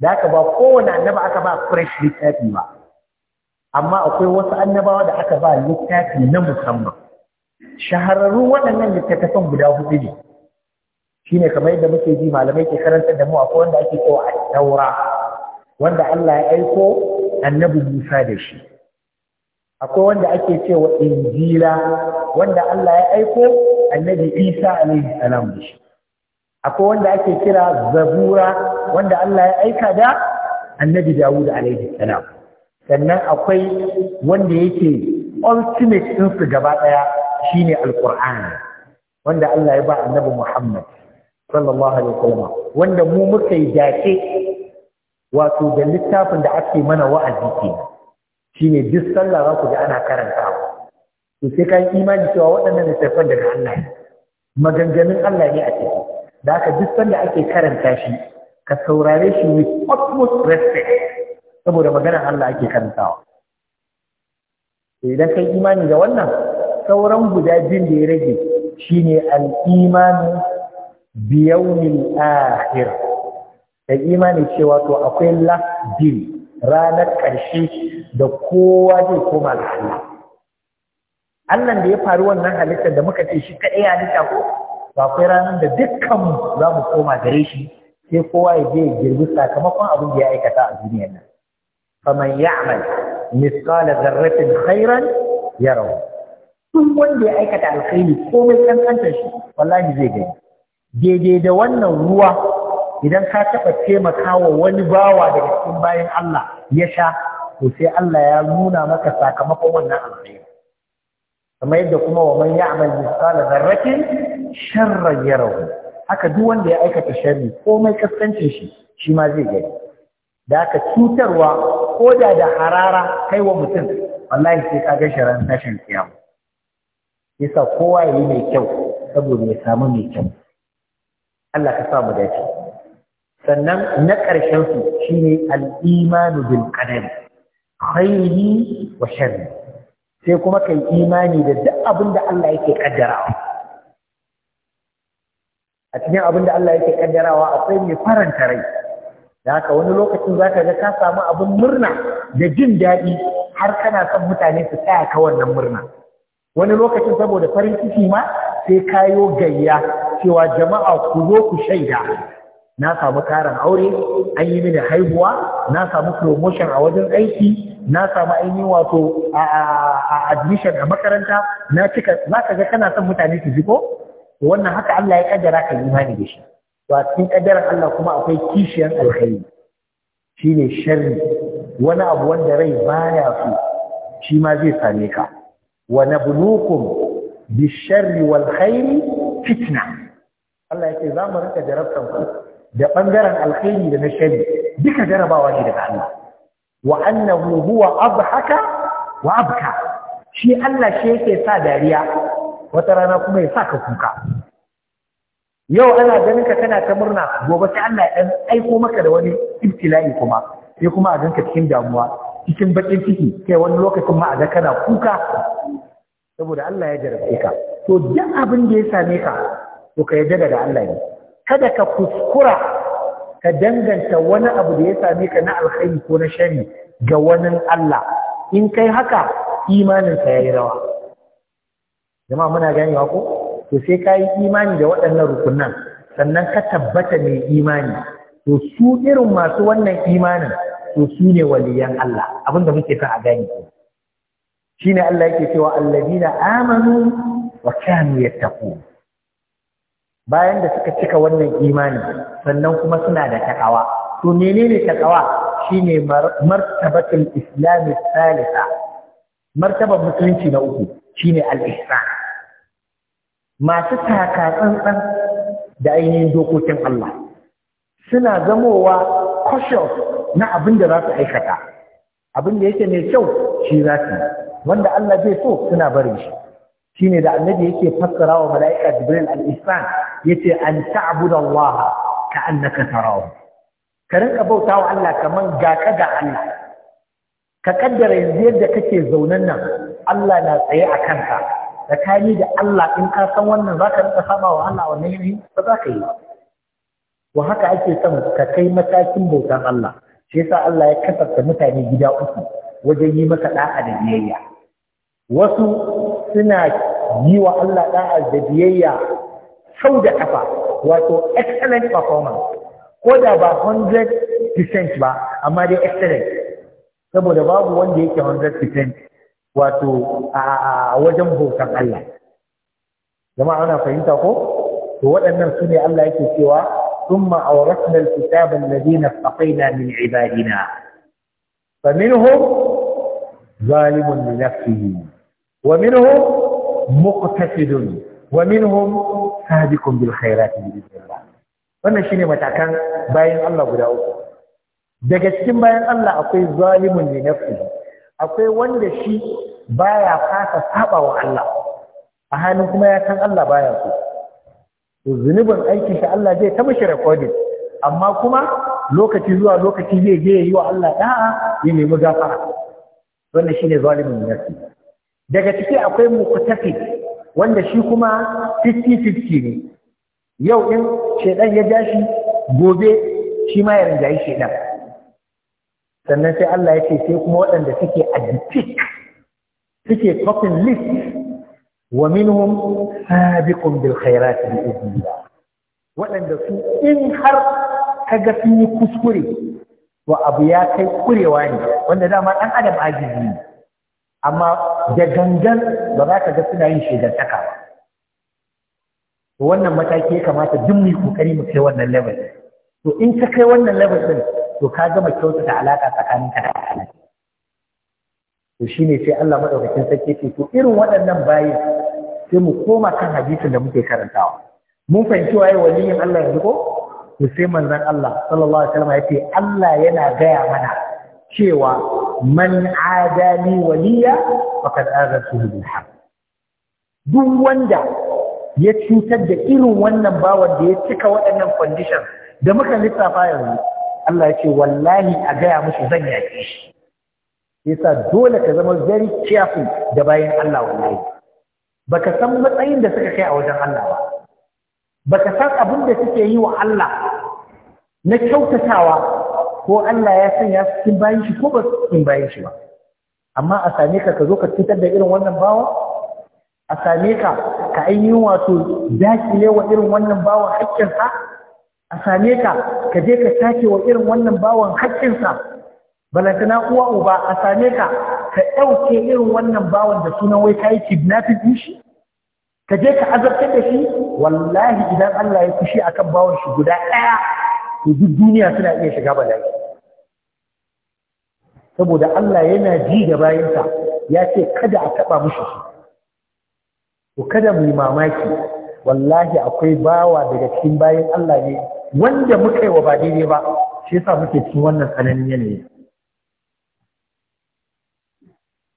da haka ba kowane annaba aka ba fresh littafi ba amma akwai wasu annabawa da aka ba littafi na musamman shahararru waɗannan littattafan guda hudu ne shine kamar yadda muke ji malamai ke karanta da mu akwai wanda ake cewa a taura wanda Allah ya aiko annabi Musa da shi akwai wanda ake cewa injila wanda Allah ya aiko annabi Isa alaihi salam da shi akwai wanda ake kira zabura wanda Allah ya aika da annabi Dawud alaihi salam sannan akwai wanda yake ultimate din su gaba daya shine alqur'ani wanda Allah ya ba annabi Muhammad sallallahu alaihi wasallam wanda mu muka yi dace wato da littafin da ake mana wa'azi ke shine duk sallah za ku ji ana karantawa to sai ka yi imani cewa waɗannan littafan daga Allah ne maganganun Allah ne a ciki da aka duk sanda ake karanta shi ka saurare shi with utmost respect saboda maganar Allah ake karantawa idan kai imani da wannan sauran guda biyun da ya rage shine al-imanu biyawmil akhir da imanin cewa to akwai last day ranar ƙarshe da kowa zai koma ga Allah da ya faru wannan halittar da muka ce shi kaɗai halitta ko ba akwai ranar da dukkanmu za mu koma gare shi sai kowa ya je girbi sakamakon abin da ya aikata a duniyar nan faman ya'mal misqala dharratin khairan yarahu duk wanda ya aikata alkhairi komai kantar shi wallahi zai gani daidai da wannan ruwa idan ka taɓa taimakawa wani bawa daga cikin bayan Allah ya sha to sai Allah ya nuna maka sakamakon wannan alkhairi kamar yadda kuma wa man ya'mal misqala dharratin sharran yarahu haka duk wanda ya aikata sharri komai kaskancin shi shi ma zai gani da aka cutarwa ko da da harara kai wa mutum wallahi sai ka ga sharan tashin kiyama yasa kowa yayi mai kyau saboda ya samu mai kyau Allah ka sa mu dace sannan na ƙarshen su shine al-imanu bil ƙadari khairi wa sharri sai kuma kai imani da duk abin da Allah yake kaddarawa a cikin abin da Allah yake kaddarawa akwai mai faranta rai da haka wani lokacin za ka ga ka samu abin murna da jin daɗi har kana son mutane su tsaya ka wannan murna wani lokacin saboda farin ciki ma sai kayo gayya cewa jama'a ku zo ku shaida na samu karin aure an yi mini haihuwa na samu promotion a wajen aiki na samu ainihin wato a admission a makaranta na cika za ka ga kana son mutane su ji ko wannan haka Allah ya kaddara ka imani da shi to a cikin kaddaran Allah kuma akwai kishiyan alkhairi shine sharri wani abu wanda rai baya so shi ma zai same ka wa bulukun bisharri wal khairi fitna Allah ya ce za mu rika jarabtan ku da ɓangaren alkhairi da na shari duka jarabawa ne daga Allah wa annahu huwa abhaka wa abka shi Allah shi yake sa dariya wata rana kuma ya sa ka kuka yau ana ganin ka kana ta murna gobe sai Allah ya dan aiko maka da wani ibtila'i kuma sai kuma a ganka cikin damuwa cikin bakin ciki kai wani lokacin ma a ga kana kuka saboda Allah ya jarabce ka to duk abin da ya same ka to ka yarda da Allah ne kada ka kuskura ka danganta wani abu da ya same ka na alkhairi ko na shari ga wani Allah in kai haka imaninsa ya yi rawa jama'a muna ganewa ko to sai ka yi imani da waɗannan rukunan sannan ka tabbata mai imani to su irin masu wannan imanin to su ne waliyan Allah abinda muke son a gani shine Allah yake cewa alladina amanu wa kanu yattaqun bayan da suka cika wannan imani sannan kuma suna da takawa to menene takawa shine martabatul islam salisa martabar musulunci na uku shine al-ihsan masu taka tsantsan da ainihin dokokin Allah suna zamowa cautious na abin da za su aikata abin da yake mai kyau shi za su wanda Allah zai so suna barin shi shine da annabi yake fassara wa mala'ika jibril al ya yace an ta'budu Allah ka annaka tarahu ka rinka bauta wa Allah kamar ga ka ga Allah ka kaddara yanzu yadda kake zaunan nan Allah na tsaye a kanka tsakani da Allah in ka san wannan zaka rinka saba wa Allah wannan yanayi ba za ka yi wa haka ake son ka kai matakin bautan Allah shi yasa Allah ya kasafta mutane gida uku wajen yi masa da biyayya wasu suna yi wa Allah da'a da biyayya sau da kafa wato excellent performance ko da ba 100% ba amma dai excellent saboda babu wanda yake 100% wato a wajen bautan Allah jama'a ana fahimta ko to waɗannan su ne Allah yake cewa thumma awrasna alkitaba alladhina istaqayna min ibadina faminhum zalimun li nafsihi wa minhum muqtasidun wa minhum sabiqun bil bi wannan shine matakan bayan Allah guda uku daga cikin bayan Allah akwai zalimun li nafsihi akwai wanda shi baya fasa saba wa Allah a halin kuma ya san Allah baya so to zunubin aikin shi Allah zai ta mishi recording amma kuma lokaci zuwa lokaci zai je yi wa Allah da'a ya nemi gafara wannan shine zalimin nafsi daga ciki akwai muqtasid wanda shi kuma 50-50 ne yau in shedan ya ja shi gobe shi ma ya rinjayi shedan sannan sai Allah ya ce sai kuma waɗanda suke addicted suke topping list wa minhum sabiqun bil khairat bi idnillah waɗanda su in har kaga sun yi kuskure to abu ya kai kurewa ne wanda dama ɗan adam ajizi ne amma da gangan ba za ka ga suna yin shegantaka ba to wannan mataki ya kamata duk mu kokari mu kai wannan level to in ka kai wannan level din to ka gama kyautata alaka tsakaninka da Allah to shine sai Allah madaukakin sarki ce to irin waɗannan bayin sai mu koma kan hadisin da muke karantawa mun fahimci waye waliyin Allah yanzu ko to sai manzon Allah sallallahu alaihi wasallam ya ce Allah yana gaya mana cewa man adani waliya faqad azatuhu bil haqq duk wanda ya cutar da irin wannan bawan da ya cika waɗannan kwandishan da muka lissafa yanzu Allah ya ce wallahi a gaya musu zan yaƙe shi yasa dole ka zama very careful da bayan Allah wallahi baka san matsayin da suka kai a wajen Allah ba baka san abin da suke yi wa Allah na kyautatawa ko Allah ya sanya su cikin bayan shi ko ba su cikin bayan shi ba amma a same ka ka zo ka cutar da irin wannan bawa a same ka ka ainihin wato dakile wa irin wannan bawan haƙƙinsa a same ka ka je ka take wa irin wannan bawan haƙƙinsa balantana uwa uba a same ka ka ɗauke irin wannan bawan da sunan wai kayi kidnapping din shi ka je ka azabtar da shi wallahi idan Allah ya fushi akan bawan shi guda ɗaya to duk duniya suna iya shiga bala'i saboda Allah yana ji da bayansa ya ce kada a taba mushi to kada mu yi mamaki wallahi akwai bawa daga cikin bayan Allah ne wanda muka yi wa ba daidai ba shi yasa muke cikin wannan tsananin yanayi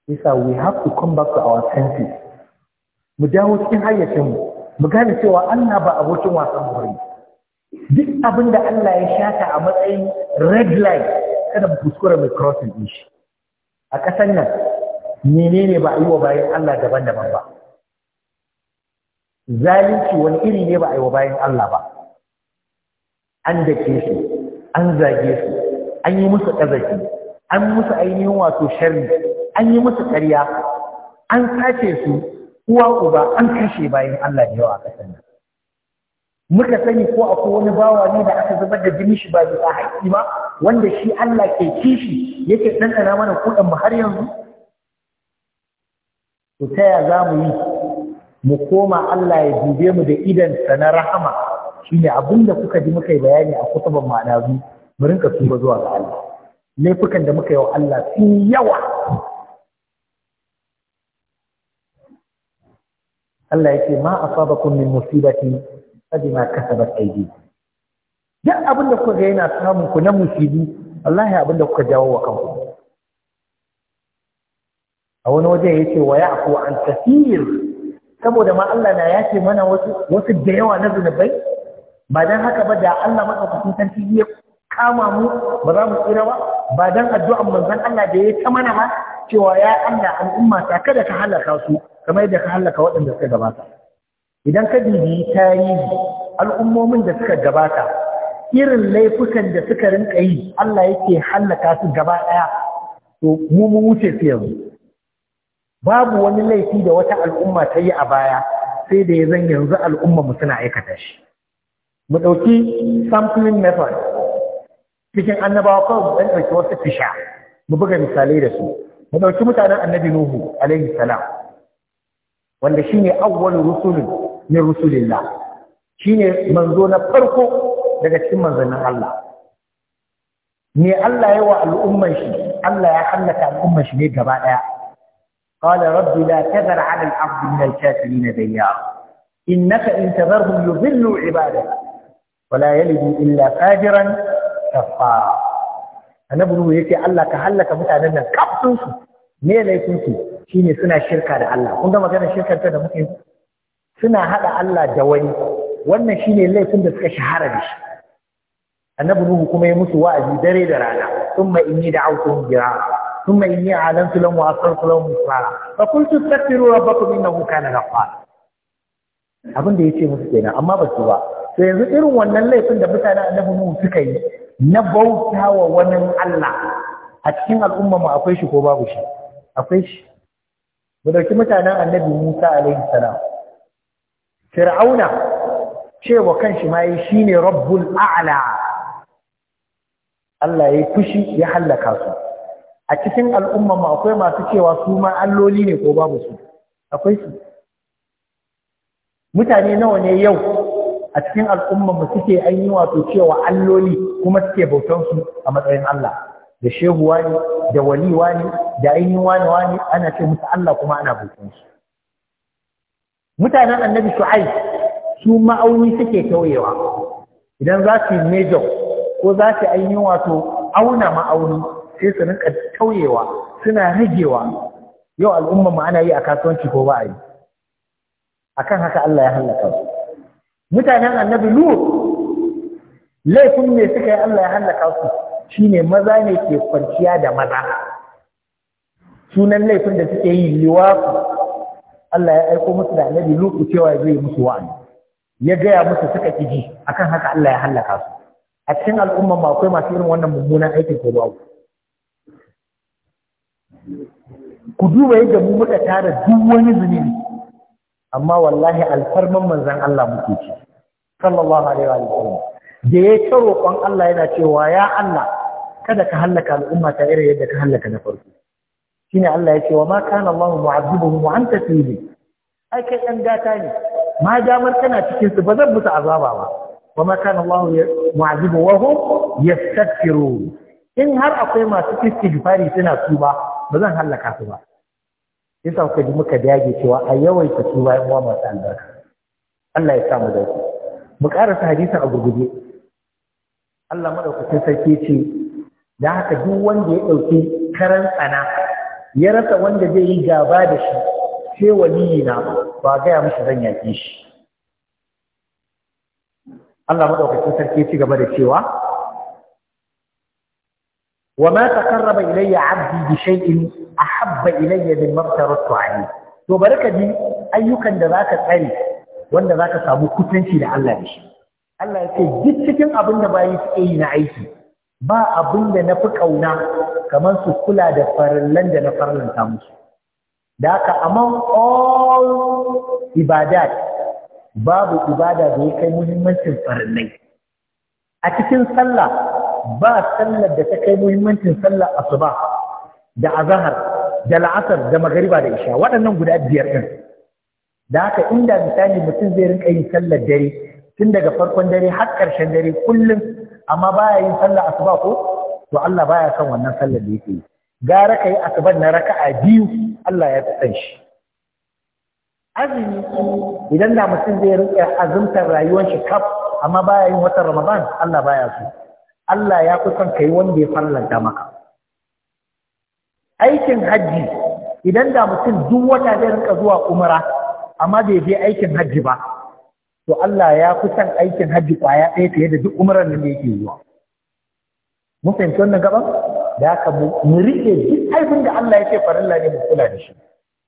yasa we have to come back to our senses mu dawo cikin hayyacinmu mu gane cewa Allah ba abokin wasan mu duk abin da Allah ya shata a matsayin red light, kada mu kuskura mai crossing din shi a ƙasar nan menene ba a yi wa bayan Allah daban-daban ba zalunci wani iri ne ba a yi wa bayan Allah ba an dake su an zage su an yi musu ƙazafi an musu ainihin wato sharri an yi musu ƙarya an sace su uwa uba an kashe bayan Allah da yawa a ƙasar nan muka sani ko akwai wani bawa ne da aka zubar da jini shi ba bisa haƙƙi ba wanda shi Allah ke kishi yake ɗanɗana mana kuɗin mu har yanzu to ta ya za mu yi mu koma Allah ya dube mu da idan sa na rahama shine abin da kuka ji muka yi bayani a kutuban ma'anazu mu rinka tuba zuwa ga Allah laifukan da muka yi wa Allah sun yawa Allah yake ma asabakum min musibatin bima kasabat aydikum duk abin da kuka ga yana samun ku na musibi wallahi abin da kuka jawo wa kanku a wani waje ya ce wa ya'fu an kathir saboda ma Allah na ya ce mana wasu wasu da yawa na zunubai ba dan haka ba da Allah madaukakin sarki ya kama mu ba za mu tsira ba ba dan addu'an manzon Allah da ya ta mana ha? cewa ya Allah al'umma ta kada ka halaka su kamar yadda ka halaka waɗanda suka gabata idan ka dubi tarihi al'ummomin da suka gabata irin laifukan da suka rinka yi Allah yake hallaka su gaba ɗaya to mu mu wuce su yanzu babu wani laifi da wata al'umma ta yi a baya sai da ya zan yanzu al'umma mu suna aikata shi mu ɗauki sampling method cikin annabawa kawai mu ɗan wasu fisha mu buga misalai da su mu ɗauki mutanen annabi nuhu alaihi salam wanda shine awwalur rusulun min rusulillah shine manzo na farko daga cikin manzannin Allah ne Allah ya wa al'umman shi Allah ya hallaka al'umman shi ne gaba daya qala rabbi la tadhar 'ala al-ard min al-kafirin dayyara innaka in tadharhum yudhillu 'ibadak wa la yalidu illa fajiran kafara annabi ruhu yake Allah ka hallaka mutanen nan kafin su ne laifin su shine suna shirka da Allah kun ga maganar shirkar ta da muke suna haɗa Allah da wani wannan shine laifin da suka shahara da shi annabi nuhu kuma ya musu wa'azi dare da rana thumma inni da'awtuhum jirara thumma inni a'lantu lahum wa asrartu lahum israr fa qultu astaghfiru rabbakum innahu kana ghaffara abin da yace musu kenan amma ba su ba to yanzu irin wannan laifin da mutanen annabi nuhu suka yi na bautawa wani Allah a cikin al'umma mu akwai shi ko babu shi akwai shi mu ɗauki mutanen annabi Musa alaihi salam fir'auna cewa kanshi ma yi shine rabbul a'la Allah yi fushi ya hallaka su a cikin al'umman mu akwai masu cewa su ma alloli ne ko babu su akwai su mutane nawa ne yau a cikin al'umman mu suke an yi wato cewa alloli kuma suke bautan su a matsayin Allah da shehu wani da wali wani da ainihin wani wani ana ce musu Allah kuma ana bautan su mutanen annabi shu'aib su ma'auni suke tauyewa idan za su yi mejo ko za su ainihin wato auna ma'auni sai su rinka tauyewa suna ragewa yau al'umma ma ana yi a kasuwanci ko ba a yi akan haka Allah ya halaka su mutanen annabi lu laifin ne suka yi Allah ya halaka su shine maza ne ke kwanciya da maza sunan laifin da suke yi liwafu Allah ya aiko musu da annabi Lutu cewa zai musu wa'azi ya gaya musu suka kiji akan haka Allah ya halaka su a cikin al'umma ma akwai masu irin wannan mummunan aikin ko babu ku duba yadda mu muka tara duk wani zunubi amma wallahi alfarman manzon Allah muke ci sallallahu alaihi wa sallam da ya taro roƙon Allah yana cewa ya Allah kada ka halaka al'umma ta irin yadda ka halaka na farko shine Allah ya ce wa ma kana Allah mu'azibuhum wa anta fihi ai kai dan gata ne ma damar kana cikin su ba zan musu azaba ba wa ma kana Allah mu'azibuhum yastaghfirun in har akwai masu istighfari suna tuba ba zan halaka su ba yasa kuka ji muka dage cewa a yawaita tuba in wa masu albarka Allah ya sa mu dauki. mu karasa hadisin a gurguje Allah madaukakin sarki ce da haka duk wanda ya dauki karan tsana ya rasa wanda zai yi gaba da shi sai waliyi na ba gaya mashi zan yaƙi shi Allah madaukakin sarki ci gaba da cewa wa ma taqarraba ilayya 'abdi bi shay'in ahabba ilayya min mabtaratu 'alayhi to ka bi ayyukan da zaka tsare wanda zaka samu kutanci da Allah da shi Allah ya ce duk cikin abin da bayi yi na aiki ba abin da na fi ƙauna kamar su kula da farallan da na farlanta musu da haka amon all ibadat babu ibada da ya kai muhimmancin farallai a cikin sallah ba sallar da ta kai muhimmancin sallar asuba da azahar da la'asar da magariba da isha waɗannan guda biyar ɗin da haka inda misali mutum zai rinka yin sallar dare tun daga farkon dare har ƙarshen dare kullum amma baya yin sallah asuba ko to Allah baya son wannan sallar da yake yi gara kai asuban na raka'a biyu Allah ya san shi azumi idan da mutum zai rike azumtar rayuwar shi kaf amma baya yin watan Ramadan Allah baya so Allah ya fi son kai wanda ya farlanta maka aikin hajji idan da mutum duk wata zai rinka zuwa umra amma bai je aikin hajji ba to Allah ya fi son aikin hajji kwaya ɗaya fiye da duk umarar da yake zuwa mun fahimci wannan gaban da haka mu riƙe duk aibin da Allah ya ce farilla ne mu kula da shi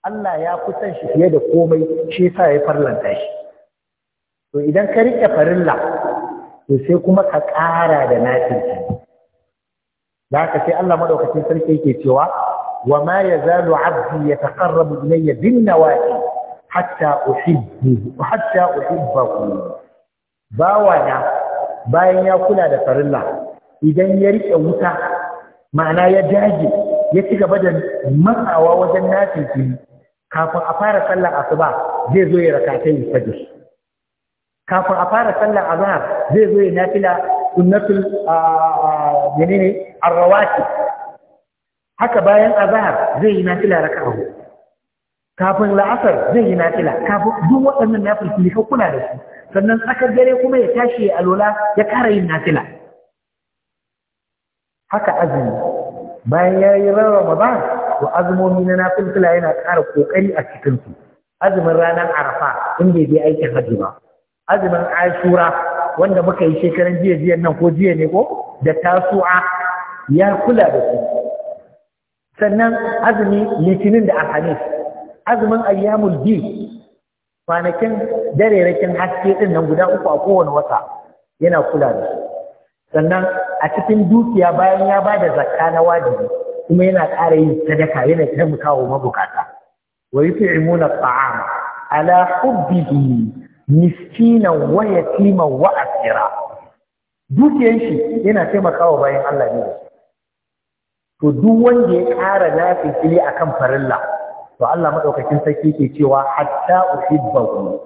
Allah ya fi son shi fiye da komai shi yasa ya farlanta shi to idan ka riƙe farilla to sai kuma ka ƙara da nafil da haka sai Allah maɗaukacin sarki yake cewa wa ma yazalu abdi yataqarrabu ilayya bin nawafil hatta uhibbu hatta uhibbahu bawana bayan ya kula da farilla idan ya rike wuta ma'ana ya dage ya ci gaba da matsawa wajen nafi kafin a fara sallar asuba zai zo ya raka ta yi fajr kafin a fara sallar azhar zai zo ya nafila sunnatul menene arrawati haka bayan azhar zai yi nafila raka'a kafin la'asar zai yi nafila kafin duk waɗannan nafilfili ka kula da su sannan tsakar dare kuma ya tashi ya alola ya kara yin nafila haka azumi bayan ya yi rarraba ba to azumomi na nafilfila yana ƙara ƙoƙari a cikin cikinsu azumin ranar arafa in bai je aikin hajji ba azumin ashura wanda muka yi shekaran jiya jiya nan ko jiya ne ko da tasu'a ya kula da su sannan azumi litinin da alhamis azumin ayyamul bi kwanakin darerakin haske din nan guda uku a kowane wata yana kula da su sannan a cikin dukiya bayan ya ba da zakka na wajibi kuma yana ƙara yin sadaka yana wa mabukata wa yut'imuna ta'ama ala hubbihi miskinan wa yatima wa asira dukiyar shi yana taimakawa bayan Allah ne to duk wanda ya ƙara nafili akan farilla to Allah madaukakin sarki ke cewa hatta uhibbahu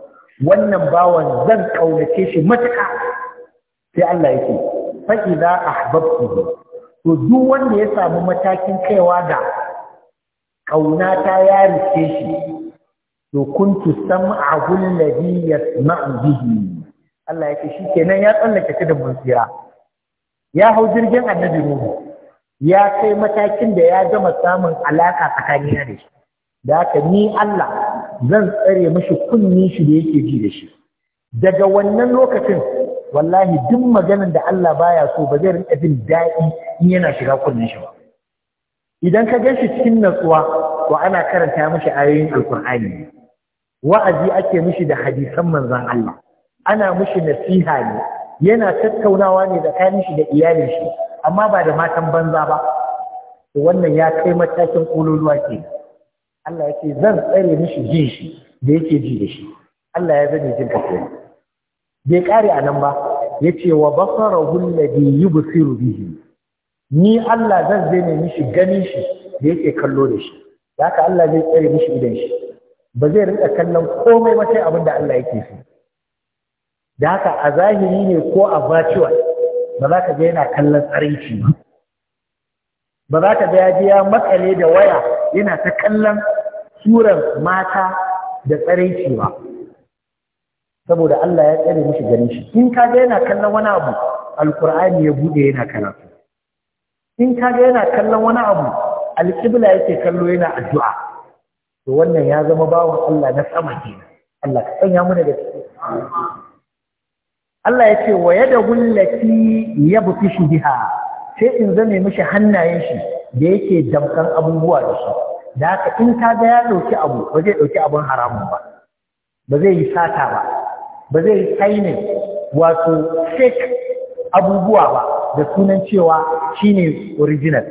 wannan bawan zan kaunace shi matuka. sai Allah yake fa idza ahbabtuhu to duk wanda ya samu matakin kaiwa da kauna ta ya rike shi to kuntu sam'ahu alladhi yasma'u bihi Allah yake shikenan ya tsallake tudun mun tsira ya hau jirgin annabi Nuhu ya kai matakin da ya gama samun alaka tsakani da shi da haka ni Allah zan tsare mashi kunni shi da yake ji da shi daga wannan lokacin wallahi duk maganan da Allah baya so ba zai rinka jin daɗi in yana shiga kunnin shi ba idan ka gan shi cikin natsuwa to ana karanta mashi ayoyin alkur'ani wa'azi ake mishi da hadisan manzon Allah ana mishi nasiha ne yana tattaunawa ne tsakanin shi da iyalin shi amma ba da matan banza ba to wannan ya kai matakin ƙululuwa kenan Allah ya ce zan tsare mishi jin shi da yake ji da shi Allah ya zane jin kafe bai kare a nan ba ya ce wa basarahu yi busiru bihi ni Allah zan zane mishi ganin shi da yake kallo da shi haka Allah zai tsare mishi idan shi ba zai rinka kallon komai ba abin da Allah yake so da haka a zahiri ne ko a virtual ba za ka ga yana kallon shi ba ba za ka ga ya je ya makale da waya yana ta kallon surar mata da tsaraici ba saboda Allah ya tsare mishi ganin shi in kaga yana kallon wani abu alkur'ani ya bude yana karatu in kaga yana kallon wani abu alƙibla yake kallo yana addu'a to wannan ya zama bawan Allah na sama kenan Allah ka sanya mu da gaske Allah ya ce wa yadahul lati yabtishu biha sai in zame mishi hannayen shi da yake damkan abubuwa da su da haka in ka ga ya ɗauki abu ba zai ɗauki abin haramun ba ba zai yi sata ba ba zai yi tsainin wato fake abubuwa ba da sunan cewa shi ne original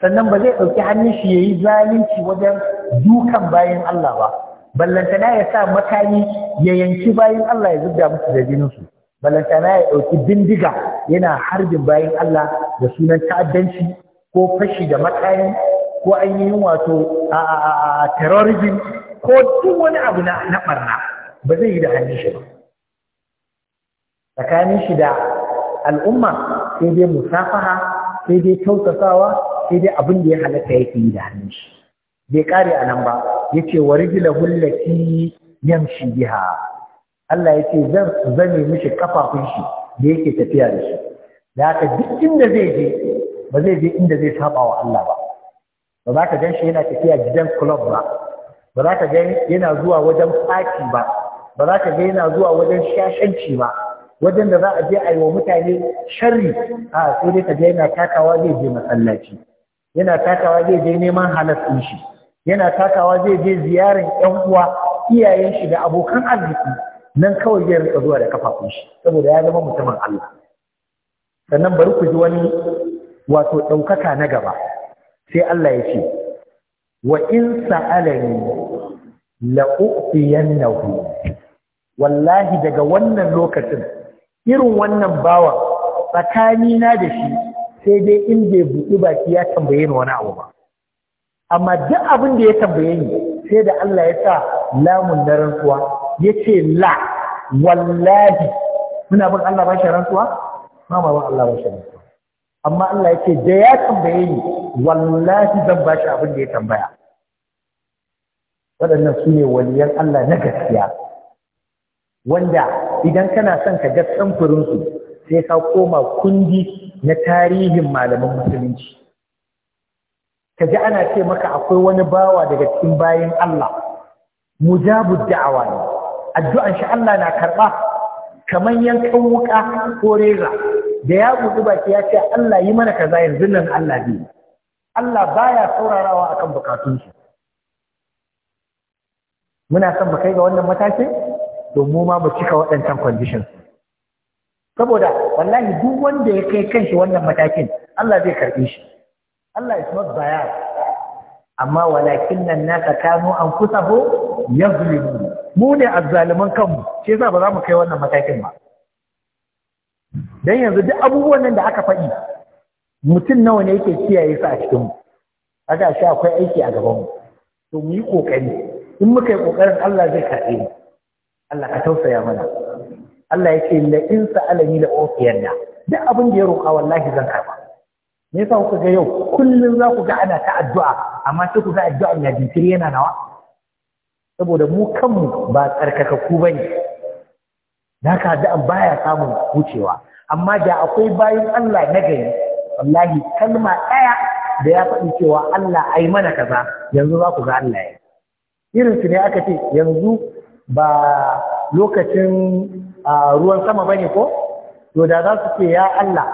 sannan ba zai ɗauki hannun shi ya yi zalunci wajen dukan bayan Allah ba ballantana ya sa makami ya yanki bayan Allah ya zubda musu da jininsu balantana ya ɗauki bindiga yana harbin bayan Allah da sunan ta'addanci ko fashi da makami ko ainihin wato a terrorism ko duk wani abu na ɓarna ba zai yi da hannun shi ba tsakanin shi da al'umma sai dai musafaha sai dai kyautatawa, sai dai abin da ya halatta yake yi da hannun shi bai kare a nan ba yace wa rijlahu allati yamshi biha Allah ya ce zan zame mishi kafafun shi da yake tafiya da shi da haka duk inda zai je ba zai je inda zai saba wa Allah ba ba za ka gan shi yana tafiya gidan club ba ba za ka ga yana zuwa wajen party ba ba za ka ga yana zuwa wajen shashanci ba wajen da za a je a yi wa mutane sharri a sai dai ka ga yana takawa zai je masallaci yana takawa zai je neman halas shi yana takawa zai je ziyarar 'yan uwa iyayen shi da abokan arziki nan kawai zai rika zuwa da kafafun shi saboda ya zama mutumin Allah sannan bari ku ji wani wato ɗaukaka na gaba sai Allah ya ce wa in sa'alani la u'tiyannahu wallahi daga wannan lokacin irin wannan bawan na da shi sai dai in bai buɗi baki ya tambaye ni wani abu ba amma duk abin da ya tambaye ni sai da Allah ya sa lamun na rantsuwa ya ce la wallahi muna bin Allah ba shi rantsuwa ma ba Allah ba shi rantsuwa amma Allah ya ce da ya tambaye ni wallahi zan ba shi abin da ya tambaya waɗannan su ne waliyan Allah na gaskiya wanda idan kana son ka ga samfurinsu sai ka koma kundi na tarihin malaman musulunci ka ji ana ce maka akwai wani bawa daga cikin bayan Allah mujabud da'awa ne addu'an shi Allah na karɓa kamar yankan wuka ko reza da ya buɗi baki ya ce Allah yi mana kaza yanzu nan Allah bi Allah baya saurarawa akan shi. muna son mu kai ga wannan matakin domin ma mu cika waɗancan conditions saboda wallahi duk wanda ya kai kanshi wannan matakin Allah zai karɓi shi Allah is not bayar amma walakin nan nasa kanu ne yazlimun mu ne zaliman kanmu shi yasa ba za mu kai wannan matakin ba Don yanzu duk abubuwan nan da aka faɗi mutum nawa ne yake kiyaye su a cikin A ga shi akwai aiki a gaban mu to mu yi kokari in muka yi kokarin Allah zai kaɗe mu Allah ka tausaya mana Allah yake la in sa'alani la ufiyanna duk abin da ya roƙa wallahi zan karɓa me yasa kuka ga yau kullum za ku ga ana ta addu'a amma sai ku ga addu'a na jinkiri yana nawa saboda mu kanmu ba tsarkakakku ba ne da haɗu addu'an baya samun wucewa amma da akwai bayan Allah na gani, wallahi kalma ɗaya da ya faɗi cewa Allah ai mana kaza yanzu za ku ga Allah ya irin su ne aka ce yanzu ba lokacin ruwan sama ba ne ko to da za su ce ya Allah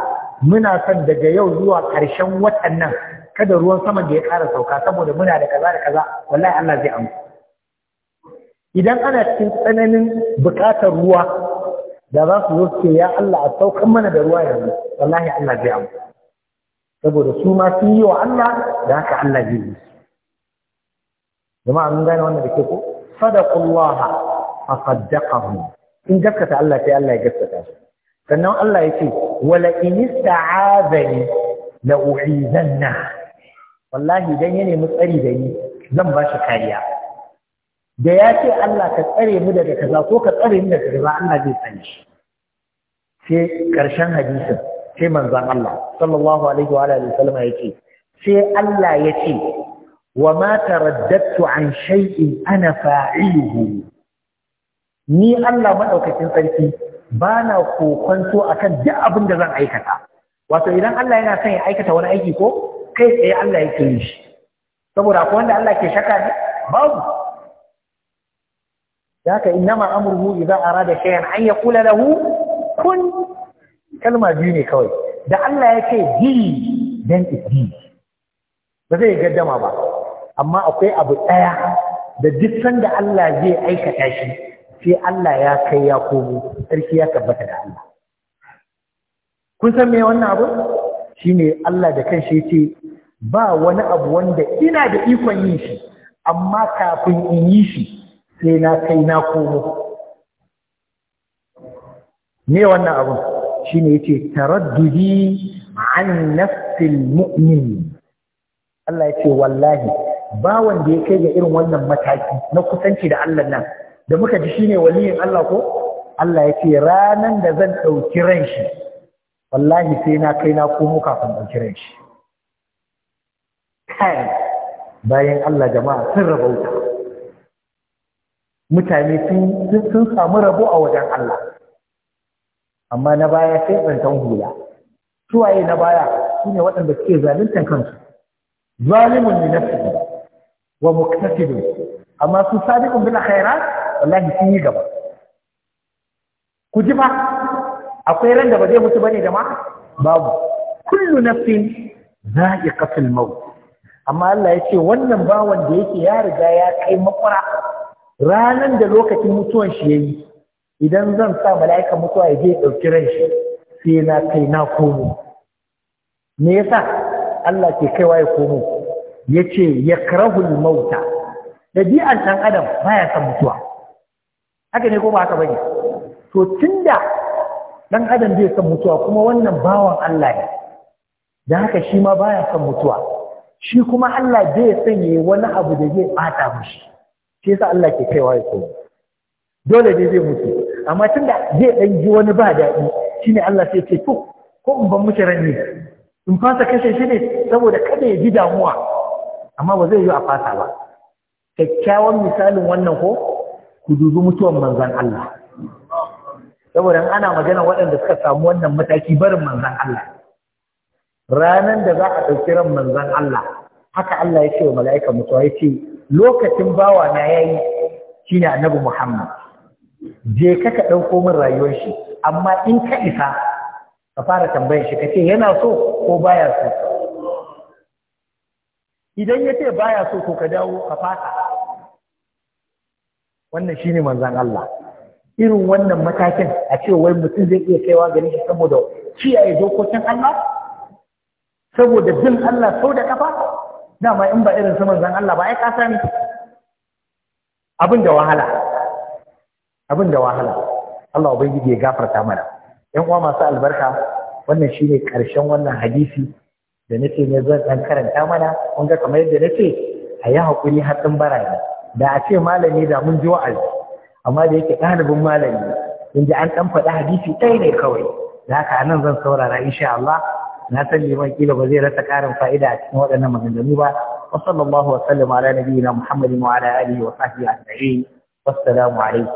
muna son daga yau zuwa ƙarshen watan nan kada ruwan saman da ya ƙara sauka saboda muna da kaza da kaza wallahi Allah zai amsa idan ana cikin tsananin buƙatar ruwa da za su zo ce ya Allah a saukan mana da ruwa yanzu wallahi Allah zai amsa saboda su ma sun yi wa Allah da haka Allah zai yi jama'a mun gane wannan da ke ko sadaqullaha faqaddaqahu in gaskata Allah sai Allah ya gaskata shi sannan Allah ya ce wala in ista'azani la u'izanna wallahi idan ya nemi tsari da ni zan ba shi kariya da ya ce Allah ka tsare mu daga kaza ko ka tsare mu daga kaza Allah zai tsare shi sai karshen hadisin sai manzon Allah sallallahu alaihi wa alihi wasallam yake sai Allah ya ce wa ma taraddadtu an shay'in ana fa'iluhu ni Allah madaukakin sarki bana kokonto akan duk abin da zan aikata wato idan Allah yana son ya aikata wani aiki ko kai tsaye Allah yake yi shi saboda ko wanda Allah ke shaka ne babu haka innama amruhu idza arada shay'an an yaqula lahu kun kalma biyu ne kawai da Allah ya ce bi dan bi ba zai gaddama ba amma akwai abu daya da duk sanda Allah zai aikata shi sai Allah ya kai ya komo sarki ya tabbata da Allah kun san me wannan abu shine Allah da kanshi yace ba wani abu wanda ina da ikon yin shi amma kafin in yi shi sai na kai na komo me wannan abun shine yace taraddudi an nafsil mu'min Allah ya ce wallahi ba wanda ya kai ga irin wannan mataki na kusanci da Allah nan da muka ji shine waliyin Allah ko Allah ya ce ranan da zan ɗauki ran shi wallahi sai na kai na komo kafin ɗauki ran shi kai bayan Allah jama'a sun rabauta mutane sun samu rabo a wajen Allah amma na baya sai tsantan hula suwaye na baya su ne waɗanda suke zaluntar kansu zalimun ne nafsi wa muktasidun amma su sadiqun bil khairat wallahi sun yi gaba ku ji ba akwai ran da ba zai mutu bane jama'a babu kullu nafsin za'iqatul maut amma Allah ya ce wannan bawan da yake ya riga ya kai makura. ranan da lokacin mutuwan shi yayi idan zan sa mala'ika mutuwa ya je ɗauki ran shi sai na kai na komo me yasa Allah ke kaiwa ya komo yace yakrahul mauta dabi'an ɗan adam baya son mutuwa haka ne ko ba haka bane to tunda ɗan adam zai son mutuwa kuma wannan bawan Allah ne da haka shi ma baya son mutuwa shi kuma Allah zai sanya wani abu da zai bata mishi shi yasa Allah ke kaiwa ya komo dole dai zai mutu amma tunda zai dan ji wani ba daɗi shine Allah sai ce to ko in ban mushi ran in fasa kashe shi ne saboda kada ya ji damuwa amma ba zai yi a fasa ba kyakkyawan misalin wannan ko ku dubi mutuwan manzan Allah saboda ana magana waɗanda suka samu wannan mataki barin manzan Allah ranan da za a ɗauki ran manzan Allah haka Allah ya ce wa mala'ika mutuwa ya ce lokacin bawa na yayi ne annabi Muhammad je ka ka dauko min rayuwar shi amma in ka isa ka fara tambayar shi kace yana so ko baya so idan yace baya so to ka dawo ka fata wannan shine manzon Allah irin wannan matakin a ce wai mutum zai iya kaiwa gare shi saboda kiyaye dokokin Allah saboda bin Allah sau da kafa dama in ba irin saman zan Allah ba ai ka san abin da wahala abin da wahala Allah ubangiji ya gafarta mana yan uwa masu albarka wannan shine karshen wannan hadisi da nake ne zan dan karanta mana kun ga kamar yadda nace a yi hakuri har ɗin barayi da a ce malami da mun ji wa'azi amma da yake ɗalibin malami in ji an ɗan faɗi hadisi ɗaya ne kawai da haka nan zan saurara insha Allah na san liman kila ba zai rasa karin fa'ida a cikin waɗannan maganganu ba wa sallallahu wa sallama ala nabiyina muhammadin wa ala alihi wa sahbihi ajma'in wassalamu alaikum